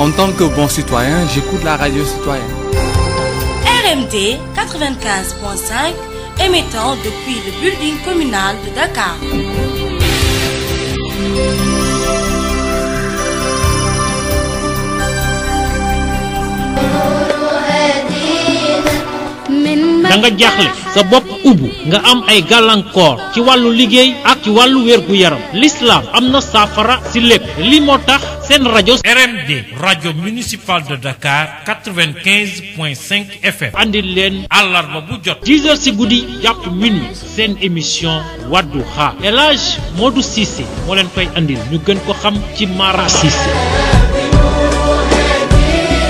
En tant que bon citoyen, j'écoute la radio citoyenne. RMD 95.5, émettant depuis le building communal de Dakar. sa bopp ubu nga am ay gàllankoor ci wàllu liggéey ak ci wàllu wér-gu-yaram l'islam am na saafara si lépp li moo tax seen rajo RMD rajo municipal de Dakar 95.5 FM andi leen àllarba bu jot 10 heures si guddi jàpp minuit seen émission Wadduha El Hadj Modou Cissé moo leen koy indi ñu gën ko xam ci Mara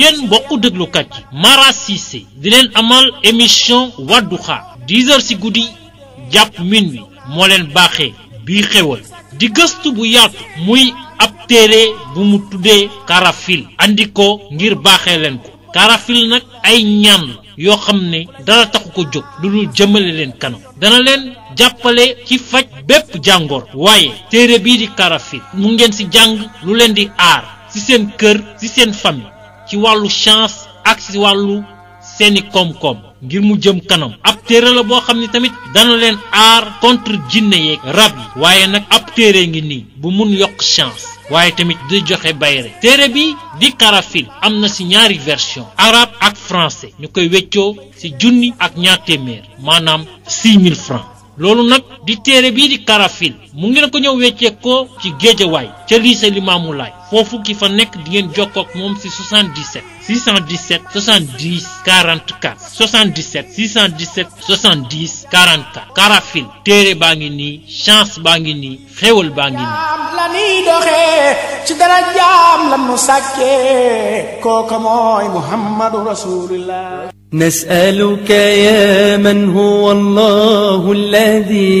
yéen mbokku déglukat yi Mara Cissé di leen amal émission wadduxa 10 heures ci guddi jàpp minuit moo leen baaxe bii xewal di gëstu bu yaatu muy ab téere bu mu tuddee karafil andi ngir baaxee leen ko karafil nag ay ñaan yoo xam ne dara taxu ko jóg lu dul jëmale leen kanam dana leen jàppale ci faj bépp jàngoor waaye téere bii di karafil mu ngeen ci jàng lu leen di aar ci seen kër ci seen famille ci wàllu chance ak ci wàllu seeni koom-koom ngir mu jëm kanam ab téere la boo xam ne tamit dana leen aar contre jinne yeeg rab yi waaye nag ab téere ngi nii bu mun yokk chance waaye tamit di joxe bayre téere bi di karafil am na ci ñaari version arabe ak français ñu koy weccoo ci junni ak ñaar maanaam 6000 francs loolu nag di téere bii di karafil mu ngi na ko ñëw weccee ko ci géejawaay ca lycée Limaamu Laay foofu ki fa nekk di ngeen jokkoo ak moom si 77 617 70 44 77 617 70 44 Carafil téere baa ngi nii chance baa ngi nii xéwal baa ngi nii. la ñuy doxee ci dara jaam la nu sàkkee kooka mooy Muhammadu Rasulullah. نسألك يا من هو الله الذي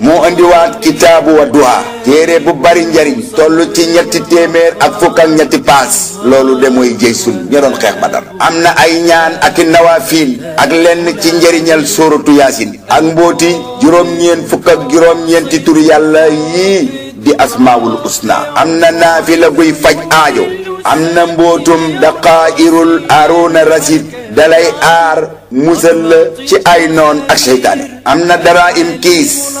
moo indiwaat kitaabu Wadduha téere bu bari njariñ toll ci ñetti téeméer ak fukk ak ñetti paas loolu de mooy jëy sun ña doon xeex Badar am na ay ñaan ak i nawafiil ak lenn ci njariñal sóoratu yaasin ak mbóoti juróom-ñeen fukk ak juróom-ñeenti tur yàlla yii di asmaawul usna am na naafila guy faj aajo am na mbootum daqaa'irul aaruuna rasid dalay aar musal la ci ay noon ak seytaane am na dara im kiis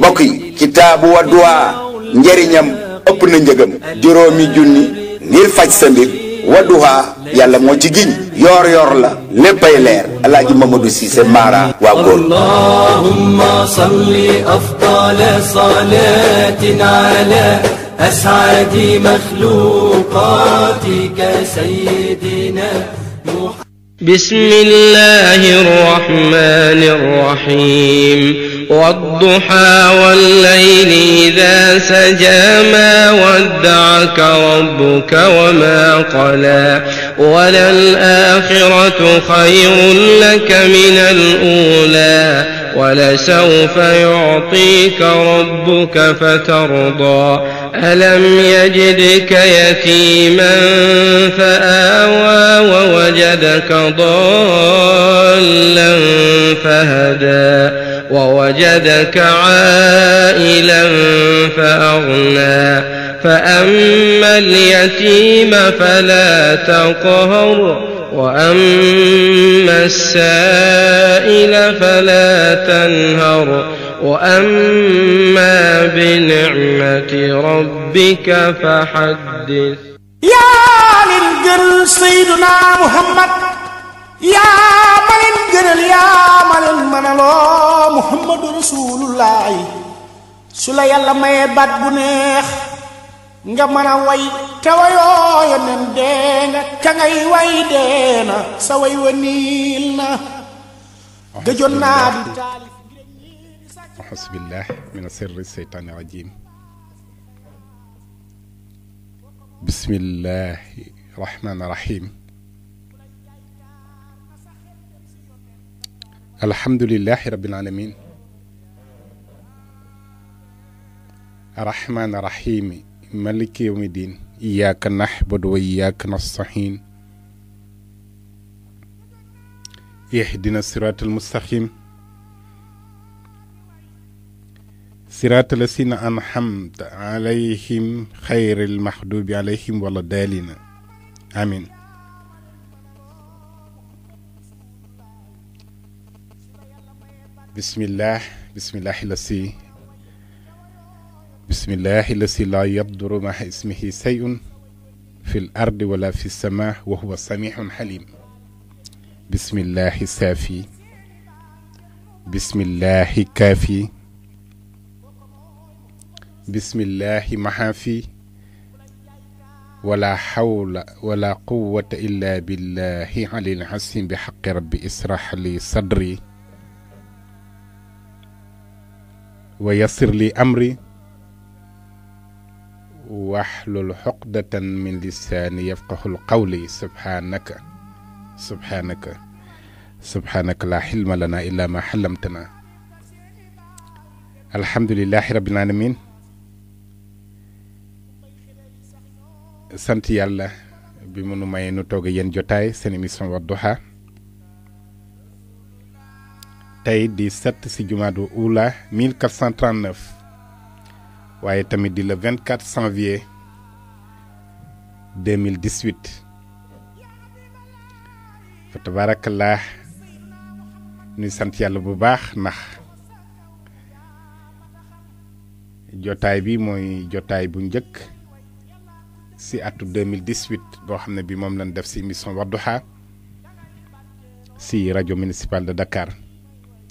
mbokk kitabu wa dua njeriñam upp na njëgam juromi junni ngir faj sa waduha yalla mo ci giñ yor yor la léppay leer alaaji Mamadou cisse Mara wa gol allahumma salli afdal salatina ala asadi makhluqatika sayyidina بسم الله الرحمن الرحيم والضحى والليل إذا سجى ما ودعك ربك وما قلى وللآخرة خير لك من الأولى ولسوف يعطيك ربك فترضى ألم يجدك يتيما فآوى ووجدك ضالا فهدى ووجدك عائلا فأغنى فأما اليتيم فلا تقهر وأما السائل فلا تنهر وأما بنعمة ربك فحدث يا ملنجر سيدنا محمد يا من ملنجر يا من منلو محمد رسول الله سلا لما ما يبات بنيخ nga mën way yonen nga way na sa way na di من سر الشيطان الرجيم بسم الله الرحمن الرحيم الحمد لله رب العالمين الرحمن الرحيم مالك يوم الدين إياك نعبد وإياك نستعين اهدنا الصراط المستقيم صراط الذين أنعمت عليهم خير المحدوب عليهم ولا الضالين آمين بسم الله بسم الله الذي بسم الله الذي لا يضر مع اسمه شيء في الأرض ولا في السماء وهو سميع حليم بسم الله السافي بسم الله كافي بسم الله محافي ولا حول ولا قوة إلا بالله علي العظيم بحق ربي اسرح لي صدري ويسر لي أمري واحلل حقدة من لساني يفقه القول سبحانك سبحانك سبحانك لا حلم لنا إلا ما حلمتنا الحمد لله رب العالمين سنتي الله بمنو ما may nu toog yéen jotaay seen émission Wadduha tey di sept si 1439 waaye tamit di le 24 janvier 2018 fa tabaarakallaa nuy sant yàlla bu baax ndax jotaay bi mooy jotaay bu njëkk si atu 2018 boo xam ne bi moom lañ def si mission Wadduha si rajo municipal de Dakar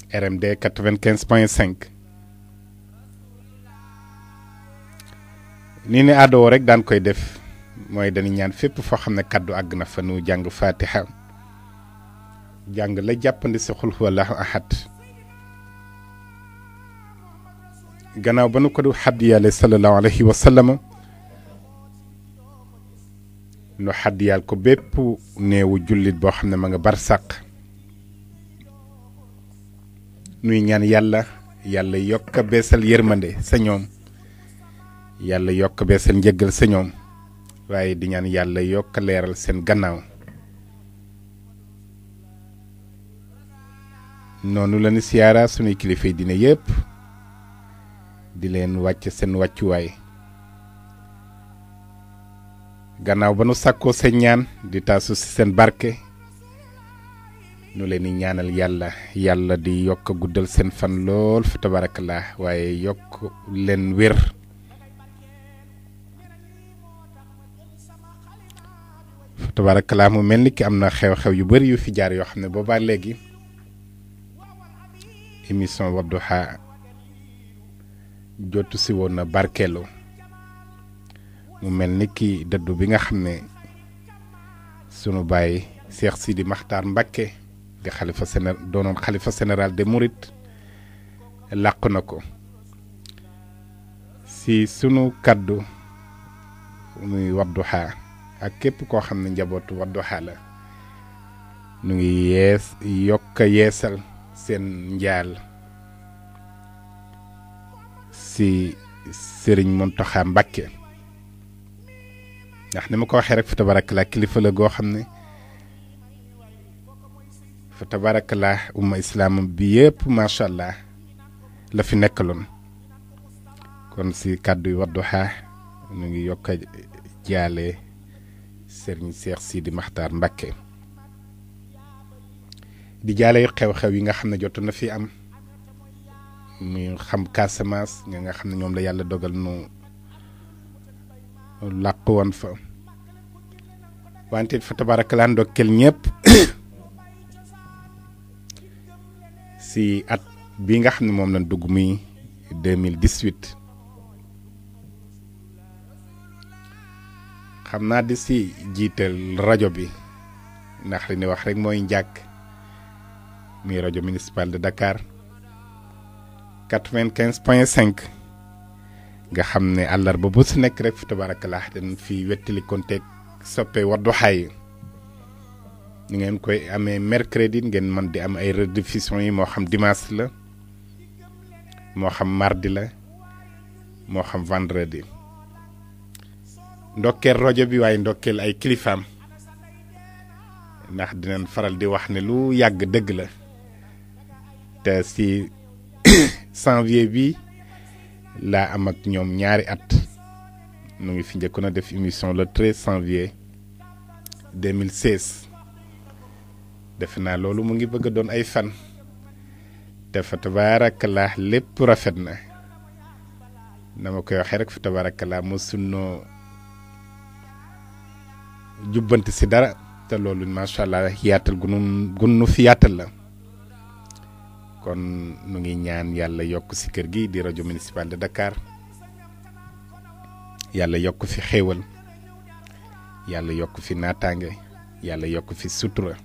RMD 95.5. ni ne aadoo rek daan koy def mooy dañu ñaan fépp foo xam ne kaddu àgg na fa nu jàng fatiha jàng la jàppandi si xul huwallaahu ahad gannaaw ba nu ko du xaddiyaale sallallahu alayhi wa sallam nu xaddiyaal ko bépp néewu jullit boo xam ne ma nga barsàq nuy ñaan yàlla yàlla yokk a beesal yërmande sa ñoom yàlla yokk bee seen njëggal sa ñoom waaye di ñaan yàlla yokk leeral seen gannaaw noonu la ñu siyaara sunuy kilifa yi dina yépp di leen wàcc seen wàccuwaay gannaaw ba nu sàkkoo seen ñaan di taasu ci seen barke nu leen di ñaanal yàlla yàlla di yokk guddal seen fan lool fa la waaye yokk leen wér tabarak tabaarakallaa mu melni ki amna xew-xew yu bëri yu fi jaar yo xamne bo ba legi émission Wadduha jotu si woon na barkeelu mu melni ki dëddu bi nga xamne sunu baye Cheikh Sidi Makhtar Mbacké di khalifa séné doonoon xalifa général des Mourides làq na si sunu kàddu muy Wadduha ak képp koo xam ne njabootu Wadduha la nu ngi yees yokk yeesal seen njaal si sëriñ Mountakha Mbacké ndax ni ma ko waxee rek fa tabarakalaa kilifa la goo xam ne fa tabarakalaa umma islaam bi yëpp macha allah la fi nekkaloon kon si kàddu yi nu ngi yokk a sëriñ Seex Sidi Maxtaar Mbàkke di jaalay xew-xew yi nga xam ne jot na fi am muy xam Casamance nga nga xam ne ñoom la yàlla dogal nu làq woon fa wante fa tabaraka laa ndokkeel si at bi nga xam ne moom lañ dugg muy 2018 xamna di ci jiital radio bi ndax li ni wax rek moy ndiak mi radio municipal de Dakar 95.5 nga xamne allar àllarba bu nek rek fi tabarakallah den fi wetti konté soppe Wadduha hay ni ngeen koy amé mercredi ngeen man di am ay rediffusion yi mo xam dimanche la mo xam mardi la mo xam vendredi. ndokkeel rajo bi waaye ndokkeel ay kilifaam ndax dinañ faral di wax ne lu yàgg dëgg la te si janvier bi laa am ak ñoom ñaari at nu ngi fi njëkkoon a def émission le 13 janvier 2016 defe naa loolu mu ngi bëgg a doon ay fan te fa tabaarakalaa lépp rafet na na ma koy waxee rek fa tabaarakalaa mosuñu. jubbanti si dara te loolu macha allah yaatal gu nu gun nu fi yaatal la kon nu ngi ñaan yàlla yokk si kër gi di rajo municipal de Dakar yàlla yokk fi xéewal yàlla yokk fi naataange yàlla yokk fi sutura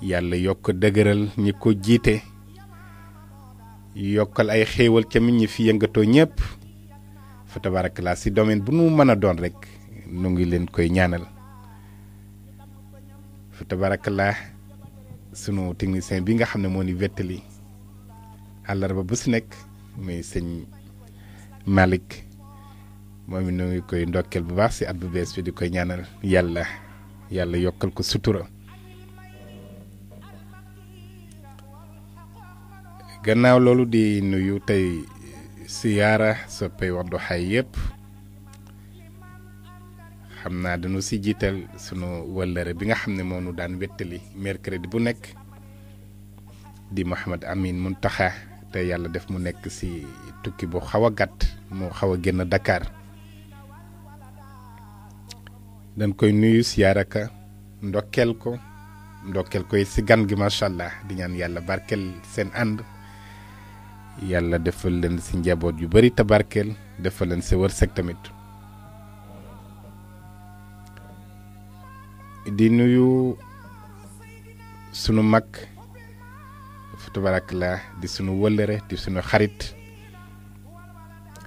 yàlla yokk dëgëral ñi ko jiite yokkal ay xéewal ca mit ñi fi yëngatoo ñëpp fa tabarakala yi domaine bu nu mën a doon rek nu ngi leen koy ñaanal fa tabarakallah sunu technicien bi nga xam ne moo ni wettali àllarba bu si nekk muy sëñ Malick moom it noo koy ndokkeel bu baax si at bu bees bi di koy ñaanal yàlla yàlla yokkal ko sutura gannaaw loolu di nuyu tey siyaara soppay Wadduha yëpp xam naa danu si jiital sunu wëllëre bi nga xam ne moonu daan wettali mercredi bu nekk di Mouhamed Amine taxa te yàlla def mu nekk si tukki bu xaw a gàtt moo xaw a génn dakaar dañ koy nuyu siyaaraka ndokkeel ko ndokkeel koy si gan gi macha allah di ñaan yàlla barkeel seen ànd yàlla defal leen si njaboot yu bari te barkeel defal leen si wërsëg tamit di nuyu sunu mag tabarakallah di sunu wëllëre di sunu xarit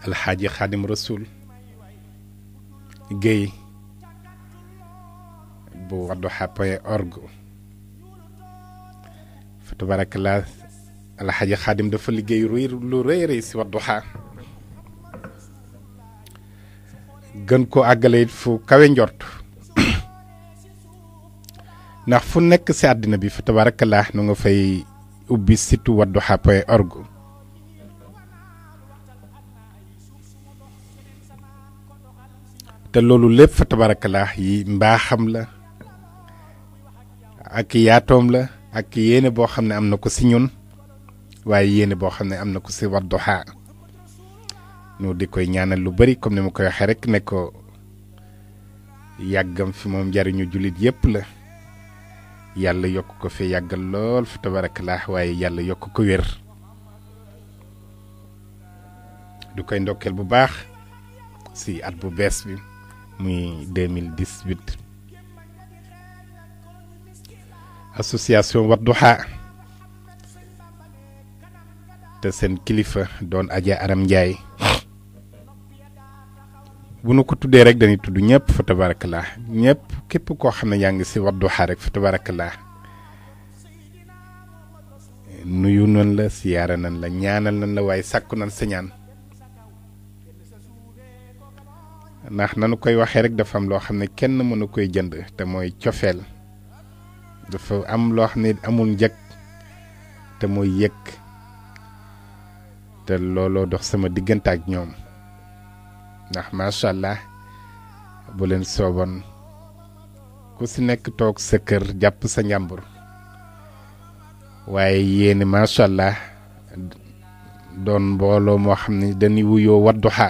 alxaaji xaadim rasul géey bu wadduha point org fa alxaaji xaadim dafa liggéey lu rëy rëy si wadduha gën ko àggale it fu kawe njort ndax fu nekk si àddina bi fa tabarakallah nu nga fay ubbi site wadduha point org te loolu lépp fa tabarakallah yi mbaaxam la ak yaatoom la ak yéene boo xam ne am na ko si ñun waaye yéene boo xam ne am na ko si wadduha nu di koy ñaanal lu bari comme ni ma koy waxee rek ne ko yàggam fi moom njariñu jullit yépp la yàlla yokk ko fi yàggal lool fa tabarakalaax waaye yàlla yokk ko wér du koy ndokkeel bu baax ci at bu bees bi muy 2018 association Wadduha te seen kilifa doon Adja Aram Ndiaye bu nu ko tuddee rek dañuy tudd ñëpp fa tabarakallah ñëpp képp koo xam ne yaa ngi si Wadduha rek fa tabarakallah nuyu nan la siyaara nan la ñaanal nan la waaye sàkku nan sa ñaan ndax nanu koy waxee rek dafa am loo xam ne kenn mënu koy jënd te mooy cofeel dafa am loo xam ne amul njëg te mooy yëg te looloo dox sama diggante ak ñoom ndax macha allah bu leen sooboon ku si nekk toog sa kër jàpp sa njàmbur waaye yéen macha allah doon mbooloo moo xam ne dañuy wuyoo Wadduha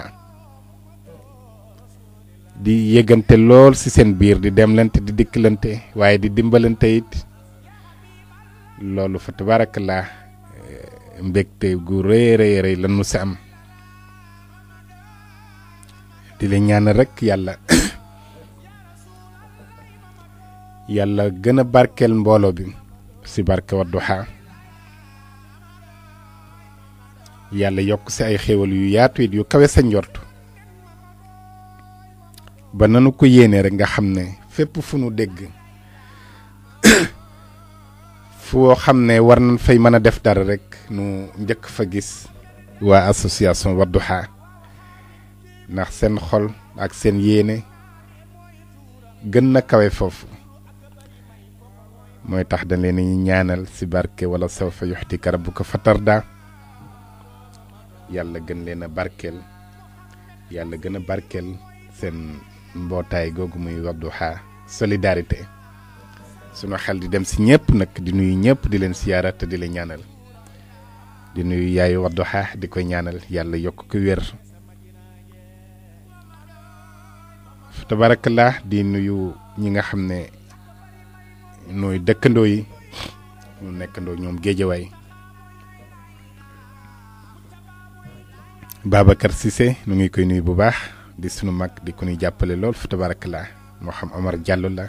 di yëgante lool ci seen biir di demlante di dikkalante waaye di dimbalante it loolu fa tabaarakallaa mbégte gu rëy rëy rëy lan mu si am di la rekk yàlla yàlla gën a barkeel mbooloo bi ci barke Wadduha yàlla yokk ci ay xéwal yu yaatu yu kawe sa njort ba nanu ko yéene rekk nga xam ne fépp fu nu dégg foo xam ne war nañ fay mën a def dara rekk nu njëkk fa gis waa association Wadduha ndax seen xol ak seen yéene gën na kawe foofu mooy tax dañ leen ñu ñaanal si barke wala sawfa yuxtika rabbuka fatarda yàlla gën leen a barkeel yàlla gën a barkeel seen mbootaay googu muy Wadduha solidarité sunu xel di dem si ñëpp nag di nuyu ñëpp di leen siyaara te di leen ñaanal di nuyu yaayu xaa di koy ñaanal yàlla yokk ko wér tabarakallah di nuyu ñi nga xam ne nooy dëkkandoo yi ñu nekkandoo ñoom géejawaay Babacar Cissé nu ngi koy nuyu bu baax di sunu mag di ko nuy jàppale lool fa tabarakallah moo xam Omar Diallo la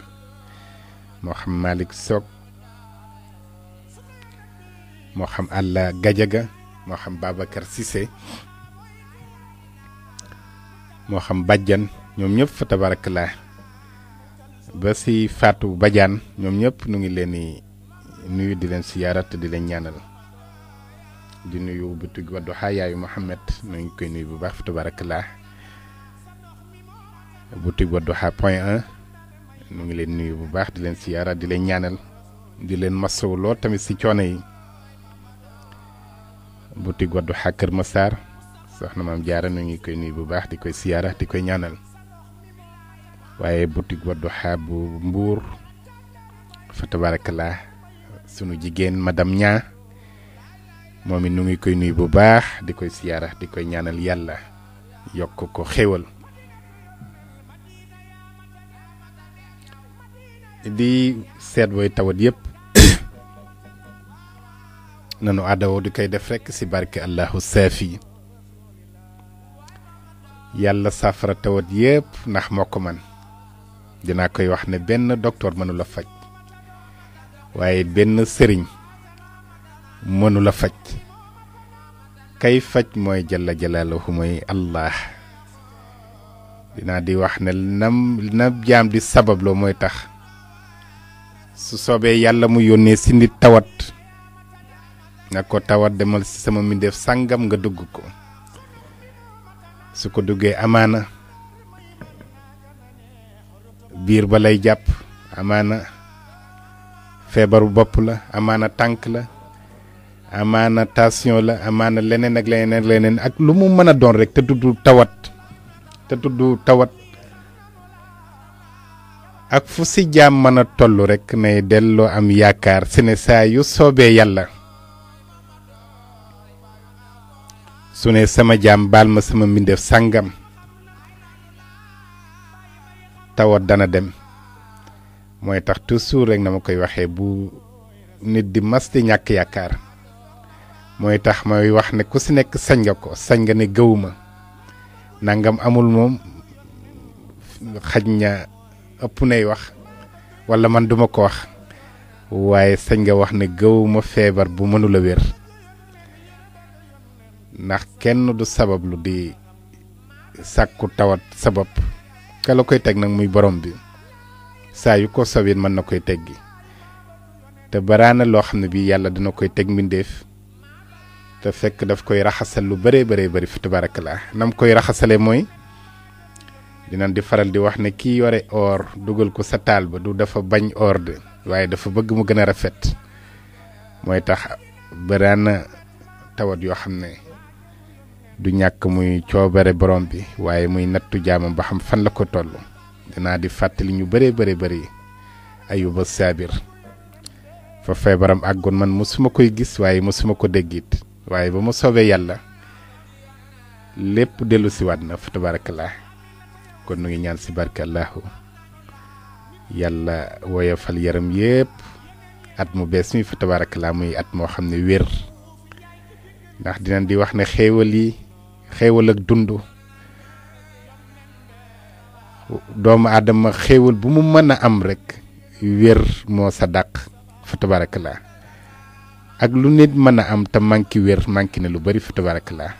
moo xam Malick Sock moo xam Alla Gajaga moo xam Babacar Cissé moo xam Badiane ñoom ñëpp fa tabarakallah ba si faatu Badiane ñoom ñëpp nu ngi leen di nuyu di leen siyaara te di leen ñaanal di nuyu butig Wadduha yaayu Mouhamed nu ngi bu baax fa tabarakallah butig Wadduha point 1 nu ngi leen nuyu bu baax di leen siyaara di leen ñaanal di leen masawu tamit ci coono yi butig Wadduha Kër Massar soxna maam jaara nu ngi koy nuyu bu baax di koy siyaara di koy ñaanal waaye boutique Wadduha bu Mbour fa tabarakallah sunu jigéen madam ñaa moom it nu ngi koy nuyu bu baax di koy siyaara di koy ñaanal yàlla yokk ko xéwal di seet booy tawat yëpp nanu aadawoo di koy def rekk ci barke allahu saafi yàlla saafara tawat yëpp ndax moo ko man dinaa koy wax ne benn doktoor mënula faj waaye benn sëriñ mënula faj kay faj mooy jalla jalaaluhu mooy allah dinaa di wax ne nam na jaam di sababloo mooy tax su soobee yàlla mu yónnee si tawat nga ko tawat demal ci sama mbindeef sàngam nga dugg ko su ko duggee amaana biir ba lay jàpp amaana feebaru bopp la amaana tànk la amaana tension la amaana leneen ak leneen ak leneen ak lu mu mën a doon rekk te tudd tawat te tudd tawat ak fu si jaam mën a toll rek nay delloo am yaakaar si ne saa yu soobee yàlla su ne sama jaam baal ma sama mbindeef sàngam tawat dana dem mooy tax toujours rek na ma koy bu nit di mas di ñàkk yaakaar mooy tax may wax ne ku si nekk sañ nga ko sañ nga ne gëwuma nangam amul mom xaj na ëpp nay wax wala man duma ko wax sañ nga wax ne gëwuma feebar bu mënula wér ndax kenn du sabab lu di sàkku tawat sabab ka la koy teg nag muy borom bi saa yu ko sawee mën na koy teggi te baraana loo xam ne bii yàlla dina koy teg mbindeef te fekk daf koy raxasal lu bëree bëree bëri fi tabarakalaa nam koy raxasale mooy dina di faral di wax ne kii yore or dugal ko sa taal ba du dafa bañ or waaye dafa bëgg mu gën a rafet mooy tax baraana tawat yoo xam ne du ñàkk muy coobare borom bi waaye muy nattu jaamam ba xam fan la ko toll dinaa di fàttali ñu bëree bëri bëri ayuba saabir fa feebaram ak àggoon man mosuma koy gis waaye mosuma ko déggit waaye ba ma soobee yàlla lépp dellu si na fa tabarakallah kon nu ngi ñaan si barke allahu yàlla woyofal yaram yépp at mu bees mi fa tabarakallah muy at moo xam ne wér ndax dinañ di wax ne xéewal yi xéewal ak dund doomu aadama xéewal bu mu mën a am rekk wér moo sa dàq fa tabarakalaa ak lu nit mën a am te manki wér manki na lu bari fa tabarakalaa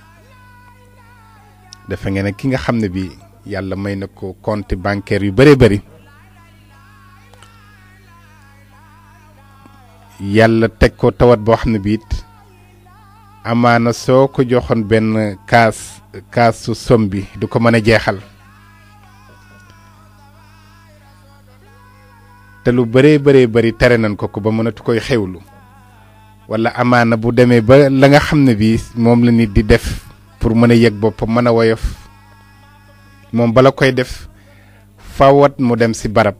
dafa ngeen ne ki nga xam ne bi yàlla may na ko compte bancaire yu bëree bari yàlla teg ko tawat boo xam ne biit amaana soo ko joxoon benn kaas kaasu som bi du ko mën a jeexal te lu bëree bëree bëri tere nañ ko ko ba mënatu koy xewlu walla amaana bu demee ba la nga xam ne bii moom la nit di def pour mën a yëg boppam mën a woyof moom bala koy def fawat mu dem si barab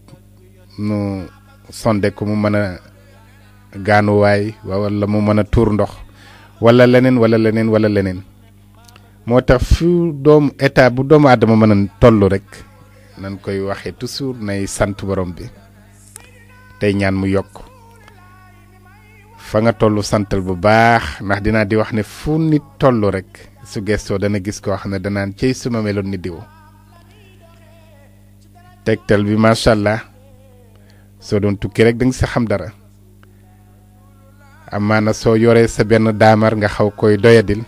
nu sonde ko mu mën a gaanuwaay wala mu mën a tuur ndox wala lenen, wala lenen, wala lenen. motax fu dom état bu dom adama man tollu rek nan koy waxe toujours nay sante borom bi tay ñaan mu yok fa nga tollu santal bu baax nak dina di wax ne fu nit tollu rek su gestoo dana gis ko xamne dana danaan suma melon ni diwo tektal bi macha allah soo tukki rek dang sa xam dara amaana soo yoree sa benn daamar nga xaw koy doyadil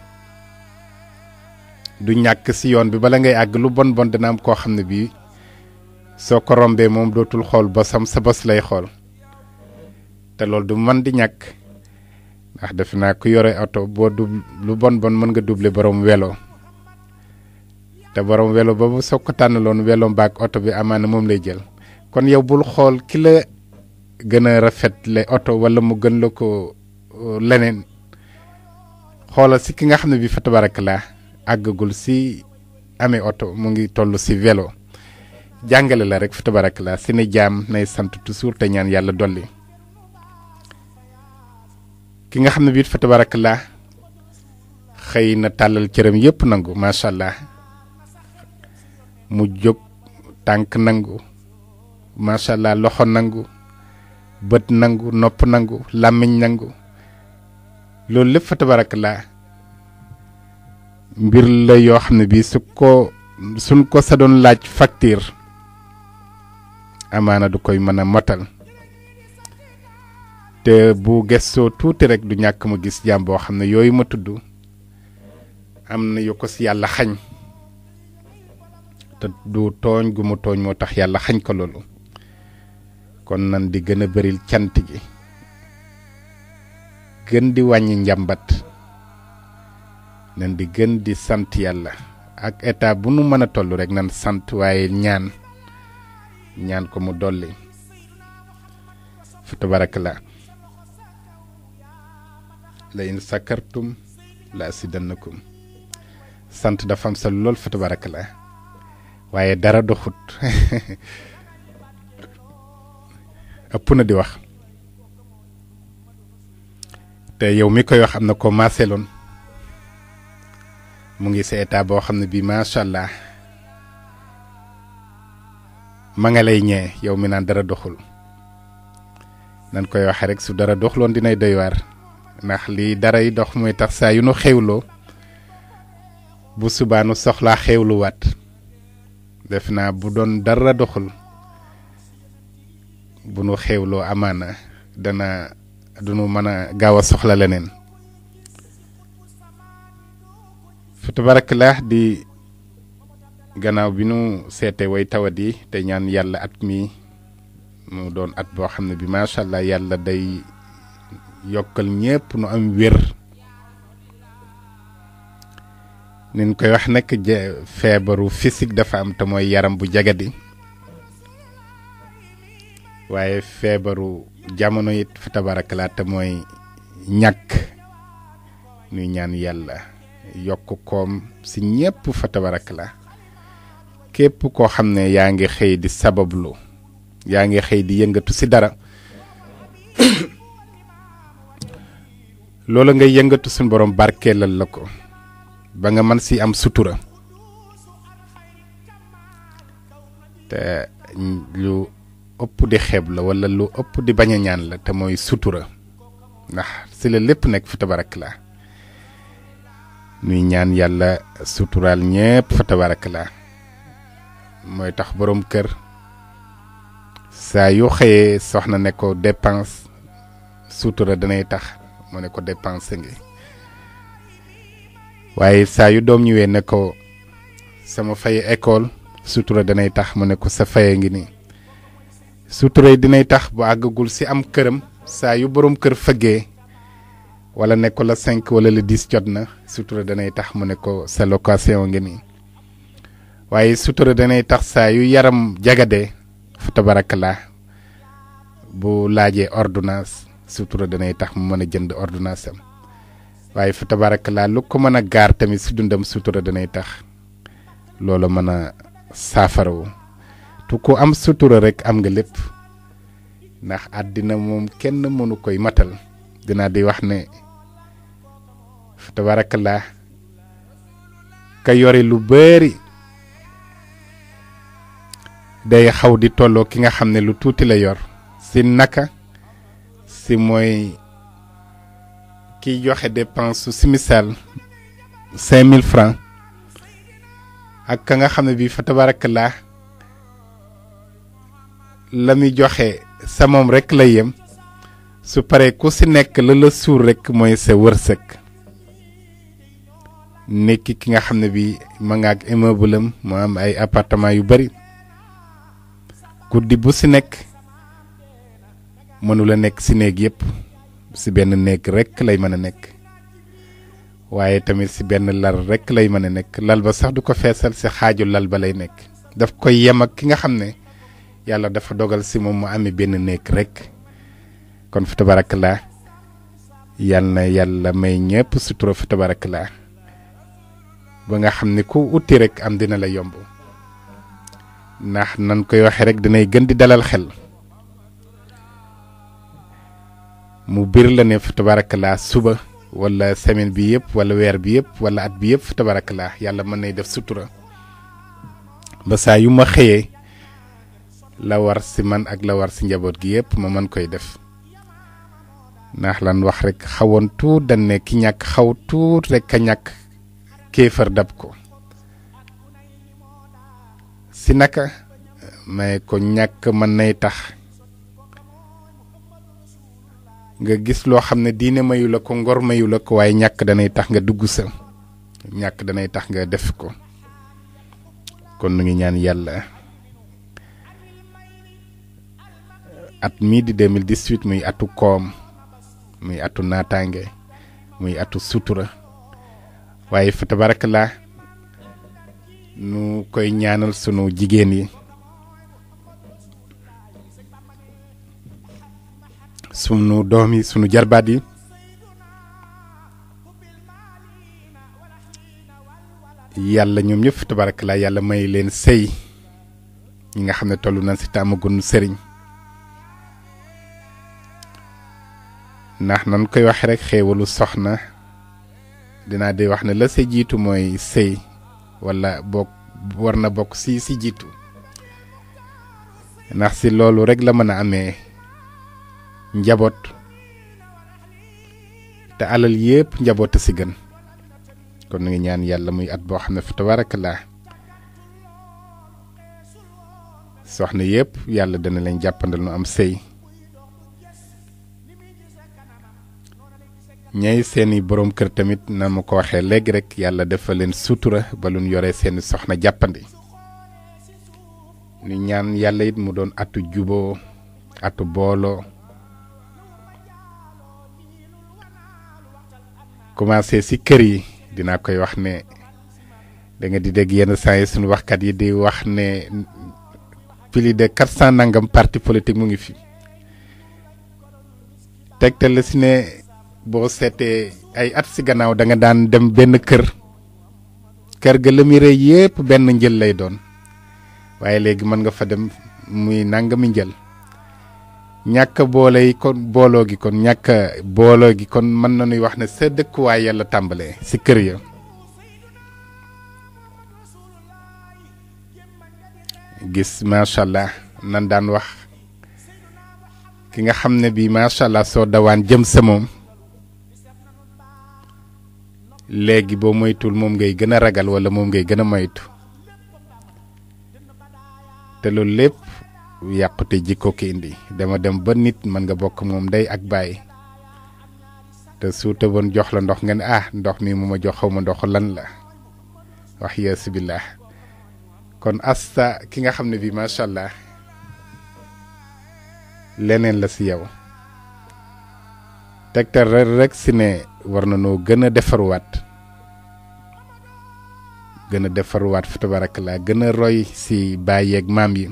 du ñàkk si yoon bi bala ngay àgg lu bon bon dina am koo xam ne bii soo ko rombee moom dootul xool bosam sa bos lay xool te loolu du man di ñàkk ndax defe naa ku yore oto boo dub lu bon bon mën nga doubler borom welo te borom welo boobu soo ko tànnaloon welo mbaak oto bi amaana moom lay jël kon yow bul xool ki la gën rafet le oto wala mu gën la ko leneen xoolal si ki nga xam ne bi fa tabarakallah àggagul si amee oto mu ngi toll si vélo jàngale la rek fa tabarakallah si ne jaam nay sant toujours te ñaan yàlla dolli ki nga xam ne bi fa tabarakallah xëy na tàllal cëram yëpp nangu macha allah mu jóg tànk nangu macha allah loxo nangu bët nangu nopp nangu làmmiñ nangu loolu lépp fa la mbir la yoo xam ne bii su ko suñ ko sa doon laaj facture amaana du koy mën a motal te bu gestoo tuuti rek du ñàkk ma gis jàmm boo xam ne yooyu ma tudd am na yu ko si yàlla xañ te du tooñ gu mu tooñ moo tax yàlla xañ ko loolu kon nan di gën a baril cant gi gën di wàññi njàmbat nan di gën di sant yàlla ak état bu nu mën a toll rek nan sant waaye ñaan ñaan ko mu dolli fa tabarakallah la in sakartum la asidannakum sant dafa am solo lool fa waaye dara doxut ëpp na di wax te yow mi koy wax am na ko loon mu ngi sa état boo xam ne bii macha allah ma nga lay ñee yow mi naan dara doxul nan koy waxee rek su dara doxuloon dinay doy waar ndax lii dara dox mooy tax saa yu nu xewloo bu subaanu soxlaa xewluwaat def naa bu doon dara doxul bu nu xewloo amaana dana duñu mën a gaaw a soxla leneen fa tabarakallah di gannaaw bi nu seete woy tawa di te ñaan yàlla at mi mu doon at boo xam ne bi macha allah yàlla day yokkal ñépp nu am wér niñ koy wax nag feebaru physique dafa am te mooy yaram bu jagadi waaye feebaru jamono it fa te mooy ñàkk nuy ñaan yàlla yokk koom si ñépp fa képp koo xam ne yaa ngi xëy di sabablu yaa ngi xëy di yëngatu si dara loola nga yëngatu suñ borom barkeelal la ko ba nga mën si am sutura lu ëpp di xeeb la wala lu ëpp di bañ a ñaan la te mooy sutura ndax si la lépp nekk fa tabarak la nuy ñaan yàlla suturaal ñépp foto barak la mooy tax boroom kër saa yu xëyee soxna ne ko dépense sutura danay tax mu ne ko dépense ngi waaye saa yu doom ñëwee ne ko sama faye école sutura danay tax mu ne ko sa faye ngi nii sutura dinay tax bu àggagul si am këram saa yu borom kër fëggee wala ne ko la cinq wala le dix jot na sutura danay tax mu ne ko sa location ngi nii waaye sutura danay tax saa yu yaram jagade fa tabarakallah bu laajee ordonnance sutura danay tax mu mën a jënd ordonnance waaye waaye barak tabarakallah lu ko mën a gaar tamit si dundam sutura danay tax loolu mën a saafarawu tu ko am sutura rekk am nga lépp ndax àddina moom kenn mënu koy matal dinaa di wax ne tabarakallah ka yore lu bari day xaw di tolloo ki nga xam ne lu tuuti la yor si naka si mooy kiy joxe dépense su si misaal cinq mille francs ak ka nga xam ne bii fa tabarakallah la muy joxe sa moom rek lay yem su paree ku ci nekk la la suur rek mooy sa wërsëg nekki ki nga xam ne bi ma nga ak am mu am ay appartement yu bari guddi bu ci nekk mënula nekk si néeg yépp si benn néeg rekk lay mën a nekk waaye tamit si benn lal rek lay mën a nekk lal ba sax du ko feesal si xaaju lal ba lay nekk daf koy yem ak ki nga xam ne yàlla dafa dogal si moom mu amee benn néeg rek kon fi tabarakalaa yal na yàlla may ñëpp sutura fi tabarakalaa ba nga xam ni ku uti rek am dina la yomb ndax nan koy waxee rek dinay gën di dalal xel mu bir la ne fi tabarakalaa suba wala semaine bi yëpp wala weer bi yëpp wala at bi yëpp fi tabarakalaa yàlla mën nay def sutura ba saa yu ma xëyee. la war si man ak la war si njaboot gi yépp ma man koy def ndax lan wax rek xawoon tuut dan ne ki ñàkk xaw tuut rek ka ñàkk kéefar dab ko si naka may ko ñàkk man nay tax nga gis loo xam ne diine mayu la ko ngor mayu la ko waaye ñàkk danay tax nga dugg sa ñàkk danay tax nga def ko kon nu ngi ñaan yàlla at mii di 2018 muy atu koom muy atu nataange muy atu sutura waaye fa tabarakallah nu koy ñaanal sunu jigéen yi sunu doom yi sunu jarbaat yi yàlla ñoom ñëpp fa tabarakallah yàlla may leen sëy ñi nga xam ne toll nañ si tàmmagun sëriñ ndax nan koy waxe rek xéewalu soxna dinaa di wax ne la sa jiitu mooy sëy walla bokk war na bokk si si jiitu ndax si loolu rek la mën a amee njaboot te alal yépp njaboot si gën kon nu ngi ñaan yàlla muy at boo xam ne fa tabarakallah soxna yépp yàlla dana leen jàppandal nu am sëy ñay seeni borom kër tamit na ma ko waxee léegi rek yàlla dafa leen sutura ba lu ñu yoree seeni soxna jàppandi ñu ñaan yàlla yit mu doon atu juboo atu booloo commencé si kër yi dina koy wax ne da nga di dégg yenn saa suñu waxkat yi di wax ne pili de quatre cent nangam parti politique mu ngi fi tegtal la si ne boo seetee ay at si gannaaw danga daan dem benn kër kër ga la muy rëy yépp benn njël lay doon waaye léegi mën nga fa dem muy nangami njël ñàkk boole yi kon booloo gi kon ñàkk booloo gi kon mën na nuy wax ne sa dëkkuwaay yàlla tàmbalee si kër ya gis macha allah nan daan wax ki nga xam ne bii macha allah soo dawaan jëm sa moom legi bo moytul mom ngay gëna ragal wala mom ngay gëna a moytu te loolu lépp jikko ki indi dama dem ba nit man nga bok mom day ak te su tëboon jox la ndox ah ndox mi mu ma jox xawma ndox lan la wax yeesu billah kon asta ki nga xam bi ma sha allah leneen la si yow rek rek war na noo gën a defarwaat gën a defarwaat fa tabarakalaa gën a roy si bàyyeek maam yi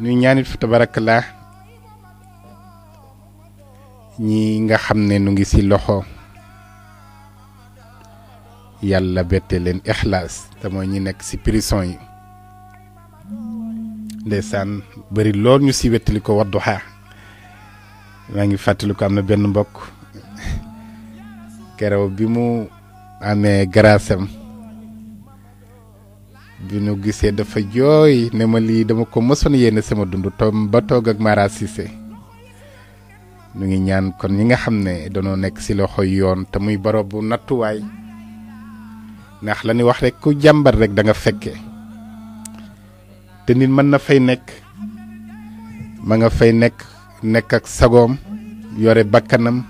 ñuy ñaanit fa tabarakalaa ñi nga xam ne nu ngi ci loxo yàlla bette leen ixlaas te mooy ñi nekk ci prison yi ndeysaan bëri lool ñu si wettali ko maa ngi fàttaliku am na benn mbokk keroog bi mu amee garaasam bi nu gisee dafa jooy ne ma lii dama ko mësoon yéene sama dund ba toog ak Mara mu ngi ñaan kon ñi nga xam ne danoo nekk si loxo yoon te muy barab nattuwaay ndax la ñuy wax rek ku jàmbar rekk danga fekke te nit mën na fay nekk. ma nga fay nekk nekk ak sagoom yore bakkanam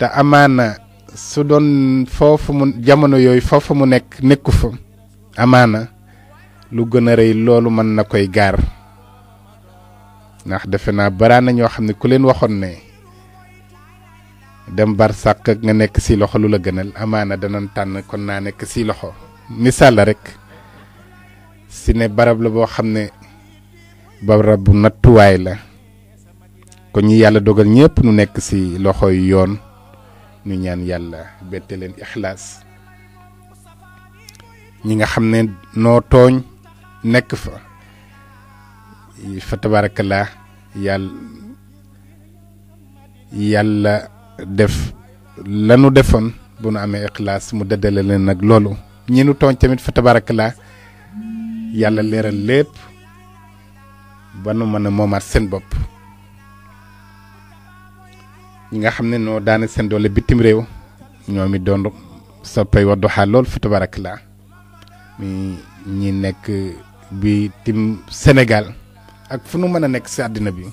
te amaana su doon foofu mu jamono yooyu foofu mu nekk nekku fa amaana lu gën a rëy loolu mën na koy gaar ndax defe naa baraana ñoo xam ne ku leen waxoon ne dem bar sàq nga nekk si loxo lu la gënal amaana dana tànn kon naa nekk si loxo misaal la rek si ne barab la boo xam ne barab bu nattuwaay la kon ñi yàlla dogal ñëpp nu nekk ci loxoy yoon ñu ñaan yàlla bette leen ixlaas ñi nga xam ne noo tooñ nekk fa fa tabaarakallaa yàlla yàlla def lanu defoon bu nu amee ixlaas mu dëddale leen nag loolu ñi nu tooñ tamit fa tabaarakallaa yàlla leeral lépp ba nu mën a moomaat seen bopp ñi nga xam ne noo daane seen doole bitim réew ñoom it doon soppay Wadduha lool fi la mi ñi nekk bi tim Sénégal ak fu nu mën a nekk ci àddina bi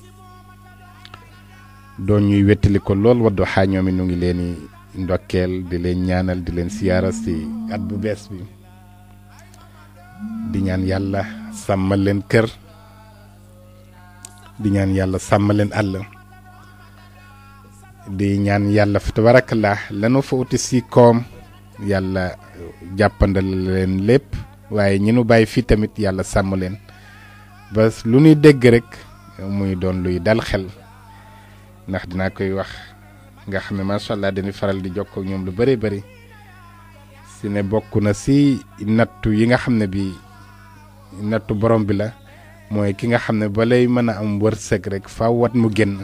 doon ñuy wettali ko lool Wadduha ñoom it ñu ngi leen di ndokkeel di leen ñaanal di leen siyaara si at bu bees bi di ñaan yàlla sàmmal leen kër di ñaan yàlla sàmm leen àll di ñaan yàlla fa tabarakallah lanu fa uti si koom yàlla jàppandal leen lépp waaye ñu nu bàyyi fii tamit yàlla sàmm leen ba lu ñuy dégg rek muy doon luy dal xel ndax dina koy wax nga xam ne macha allah dañuy faral di jokkoo ñoom lu bëree bëri si ne bokk na si nattu yi nga xam ne bi nattu borom bi la. mooy ki nga xam ne balay mën a am wërsëg rek faaw wat mu génn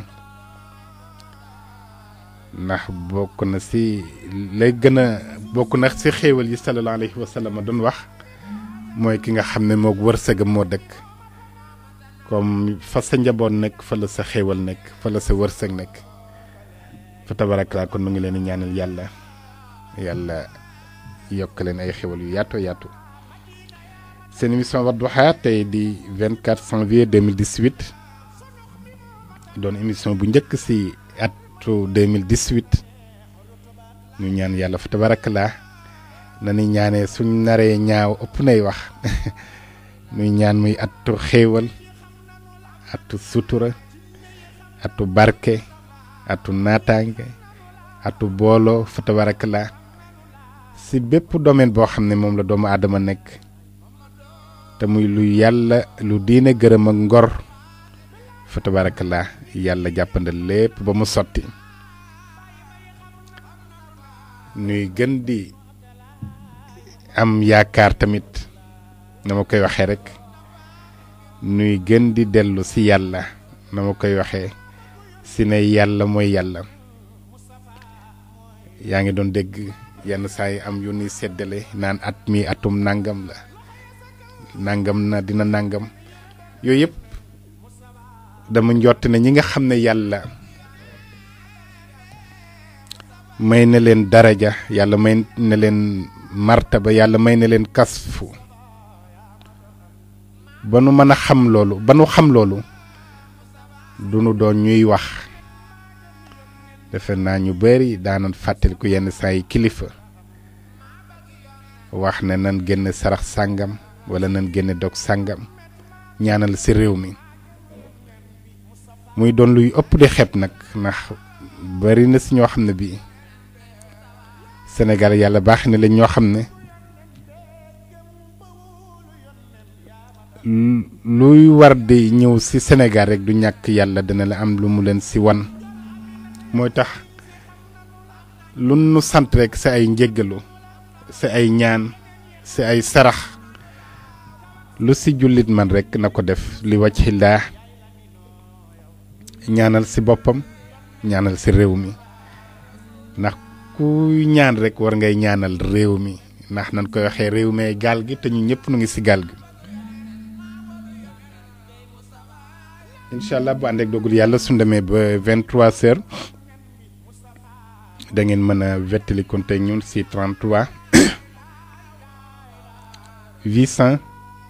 ndax bokk na si lay gën a bokk na si xéewal yi sallallahu alayhi doon wax mooy ki nga xam ne mook moog wërsëgam moo dëkk kom fa sa njaboot nekk fa la sa xéewal nekk fa la sa wërsëg nekk fa tabarakala kon mu ngi leen di ñaanal yàlla yàlla yokk leen ay xéewal yu yaatoo yaatu seen émission Wadduha tey di 24 janvier 2018 doon émission bu njëkk si atu 2018 ñu ñaan yàlla fa tabarakalaa na ni ñaanee suñ naree ñaaw ëpp nay wax ñuy ñaan muy atu xéewal atu sutura atu barke atu naataange atu booloo fa tabarakalaa si bépp domaine boo xam ne moom la doomu aadama nekk te muy lu yàlla lu diine gërëm ak ngor fa tabaarakallaa yàlla jàppandal lépp ba mu sotti ñuy gën di am yaakaar tamit na ma koy waxee rekk nuy gën di dellu ci yàlla na ma koy waxee si ne yàlla mooy yàlla yaa ngi doon dégg yenn saa yi am yu nuy seddale naan at mi atum nàngam la nangam na dina nangam yooyu yëpp dama njott na ñi nga xam ne yàlla may na leen daraja yàlla may na leen martaba yàlla may na leen kasfu ba nu mën a xam loolu ba nu xam loolu du nu doon ñuy wax defe naa ñu bari daanan fàttaliku yenn saa yi kilifa wax ne nan génn sarax sàngam walla nan génne dog sàngam ñaanal ci réew mi muy doon luy ëpp di xet nag ndax bari na si ñoo xam ne bii Sénégal yàlla baax na lañ ñoo xam ne luy war di ñëw ci senegal rek du ñàkk yàlla dina la am lu mu leen si wan mooy tax lu nu sant rekk si ay njéggalu ci ay ñaan ci ay sarax lu si jullit man rekk na ko def li wàcc xillaa ñaanal si boppam ñaanal si réew mi ndax ku ñaan rekk war ngay ñaanal réew mi ndax nan koy waxee réew mee gaal gi te ñu ñëpp nu ngi si gaal gi incha allah bu àndeek ak dogul yàlla su demee ba vingt-trois heures da ngeen mën a wettali konte ñun si 33 800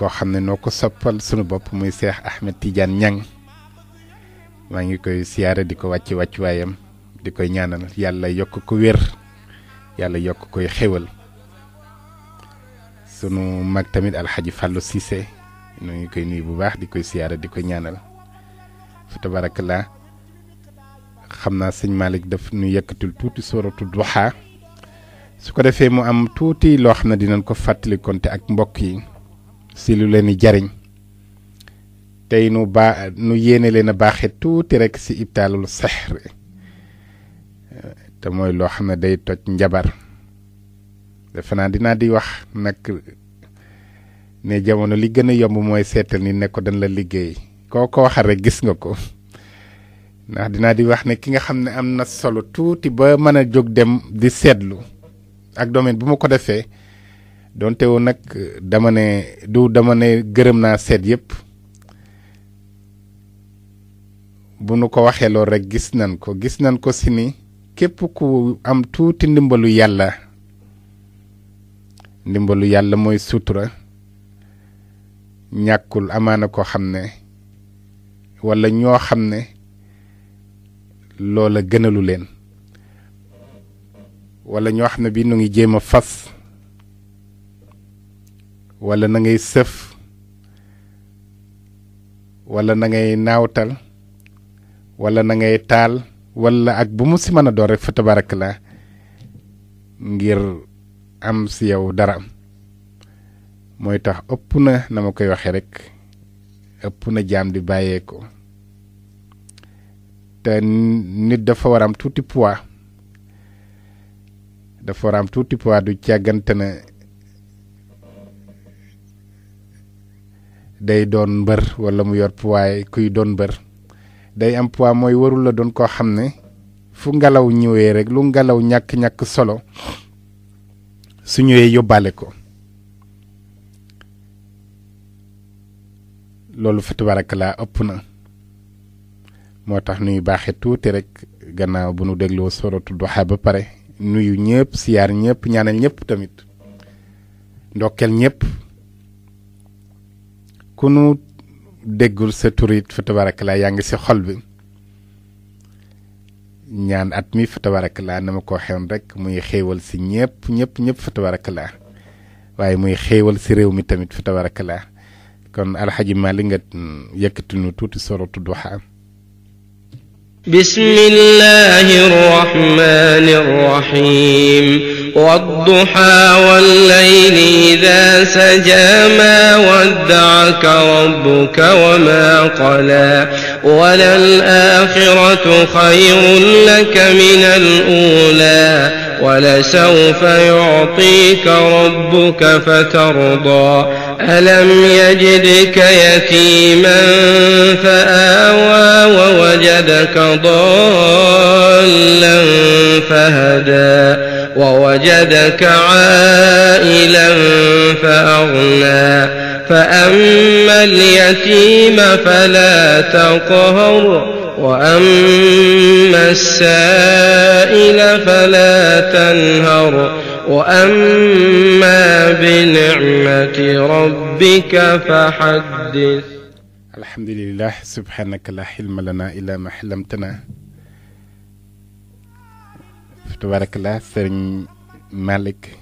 koo xam ne noo ko soppal sunu bopp muy seex Ahmed Tidiane Niang maa ngi koy siyaare di ko wàcc wàccuwaayam di koy ñaanal yàlla yokk ko wér yàlla yokk koy xéwal sunu mag tamit alxaji Fallou Cissé nu ngi koy nuyu bu baax di koy siyaare di ko ñaanal fa la xam naa sëñ Malick daf nu yëkkatul tuuti sooratul duha su ko defee mu am tuuti loo xam ne dinañ ko fàttalikonte ak mbokk yi si lu leen di jariñ tey nu baa nu yéene leen a baaxee tuuti rek si ibtaalul sexr te mooy loo xam ne day toj njabar defe naa dinaa di wax nag ne jamono li gën a yomb mooy seetal ni ne ko dañ la liggéey koo ko waxal rek gis nga ko ndax dinaa di wax ne ki nga xam ne am na solo tuuti ba mën a jóg dem di seetlu ak domaine bu ma ko defee donte woon nag euh, dama ne du dama ne gërëm naa seet yépp bu nu ko waxee loolu rek gis nañ ko gis nañ ko si ni képp ku am tuuti ndimbalu yàlla ndimbalu yàlla mooy sutura ñàkkul amaana ko xam ne walla ñoo xam ne loola gënalu leen walla ñoo xam ne bii nu ngi jéem a fas walla na ngay sëf wala na ngay naawtal wala na ngay taal wala ak bu mu ci mën a door rek fa tabarak la ngir am si yow dara mooy tax ëpp na na ma koy waxee rek ëpp na jaam di bàyyeeko te nit dafa war am tuuti poids dafa war am tuuti poids du jàggante na day doon mbër wala mu yor poids kuy doon mbër day am poids mooy warul la doon koo xam ne fu ngelaw ñëwee rek lu ngelaw ñàkk-ñàkk solo su ñëwee yóbbaale ko loolu fa tabaraka laa ëpp na moo tax nuy baaxe tuuti rekk gannaaw bu nu dégloo sorotu duha ba pare nuyu ñëpp siyaar ñëpp ñaanal ñëpp tamit ndokkeel ñépp ku nu déggul sa turit fa tabarakalaa yaa ngi si xol bi ñaan at mi fa tabarakalaa na ma ko xewoon rek muy xéewal si ñëpp ñëpp ñëpp fa tabarakalaa waaye muy xéewal si réew mi tamit fa tabarakalaa kon alxaji Maalik nga yëkkati nu tuuti sorotu duha بسم الله الرحمن الرحيم والضحى والليل إذا سجى ما ودعك ربك وما قلى وللآخرة خير لك من الأولى ولسوف يعطيك ربك فترضى ألم يجدك يتيما فآوى ووجدك ضالا فهدى ووجدك عائلا فأغنى فأما اليتيم فلا تقهر وأما السائل فلا تنهر وأما بنعمة ربك فحدث الحمد لله سبحانك لا حلم لنا إلا ما حلمتنا تبارك الله سرين مالك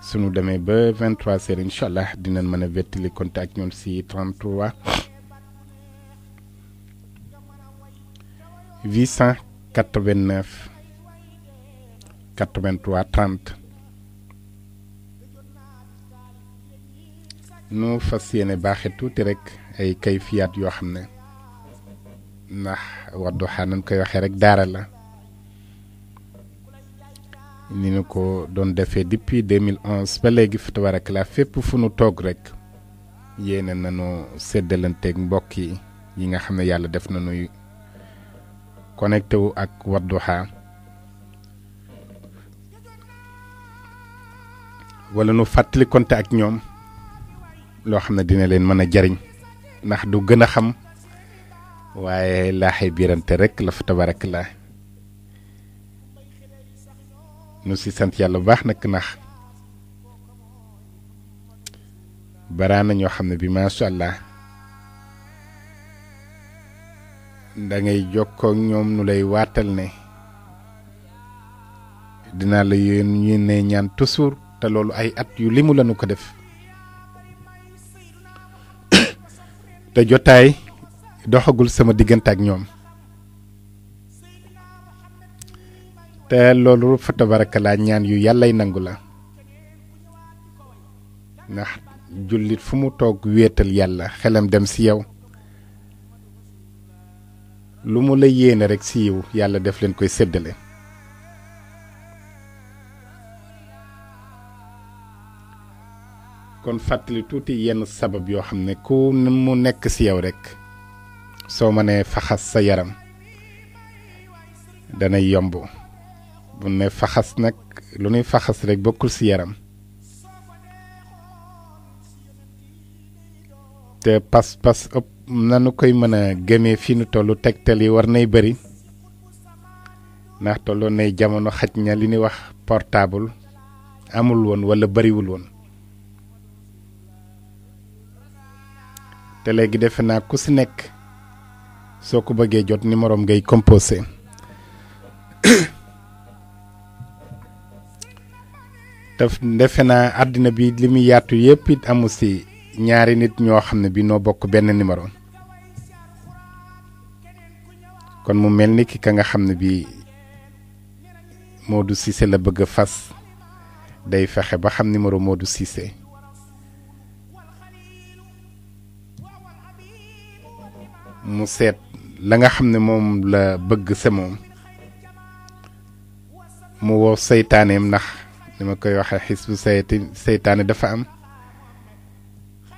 سنو دمي ba 23 heures شاء الله دينا من a wéttali نون سي 33 889 83 30 nu fas yéene baaxe tuuti rekk ay kayfiyaat yoo xam ne ndax Wadduha nañ koy waxee rek daara la ni nu ko doon defee depuis 2011 ba léegi fa tabarakalaa fépp fu nu toog rek yéene nañu séddalanteeg mbokk yi yi nga xam ne yàlla def na nuy connecté wu ak Wadduha wala nu fàttali konte ak ñom lo xamné dina leen mëna a jariñ ndax du gëna xam waye la hay biranté rek la fa tabarak la nu ci sant yàlla bax nak nax barana ñoo xamné bi ma sha allah. dangay ngay jokkoo ñoom nu lay waatal ne dinaa la yónnee ñaan toujours te loolu ay at yu limu lanu ko def te jotaay doxagul sama diggante ak ñoom te loolu fa tabarakalaa ñaan yu yàllay nangu la ndax jullit fu mu toog wéetal yàlla xelam dem ci yow lu mu la yéene rekk ci yiw yàlla def leen koy séddale kon fàttali tuuti yenn sabab yoo xam ne ku mu nekk si yow rek soo ma nee faxas sa yaram danay yomb bu ne faxas nag lu nuy faxas rekk bokkul si yaram te pas-pas ëpp nanu koy mën a gëmee fi nu toll tegtal yi war nay bari ndax tolloon nay jamono xaj na li ñuy wax portable amul woon walla bariwul woon te léegi defe naa ku ci nekk soo ko bëggee jot numéro am ngay composé daf defe naa àddina bi li muy yaatu yëpp it amul ci ñaari nit ñoo xam ne bi noo bokk benn numéro kon mu mel ni ki ka nga xam ne bii Modou Cissé la bëgg fas day fexe ba xam numéro Modou Cissé mu seet la nga xam ne moom la bëgg se moom mu woo seytaaneem ndax li ma koy waxee xisbu seyti seytaane dafa am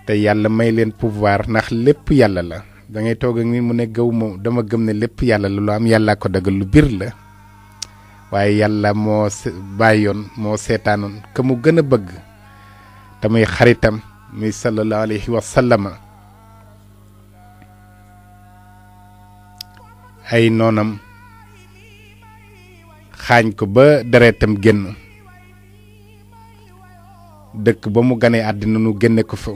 te yàlla may leen pouvoir ndax lépp yàlla la dangay toog a ngi mu ne gaw ma dama gëm ne lépp yàlla la lu am yàllaa ko dagal lu bir la waaye yàlla moo bàyyoon moo seetaanoon ka mu gën a bëgg te muy xaritam muy sallallahu alayhi wa sallama ay noonam xaañ ko ba deretam génn dëkk ba mu ganee àddina nu génne ko fa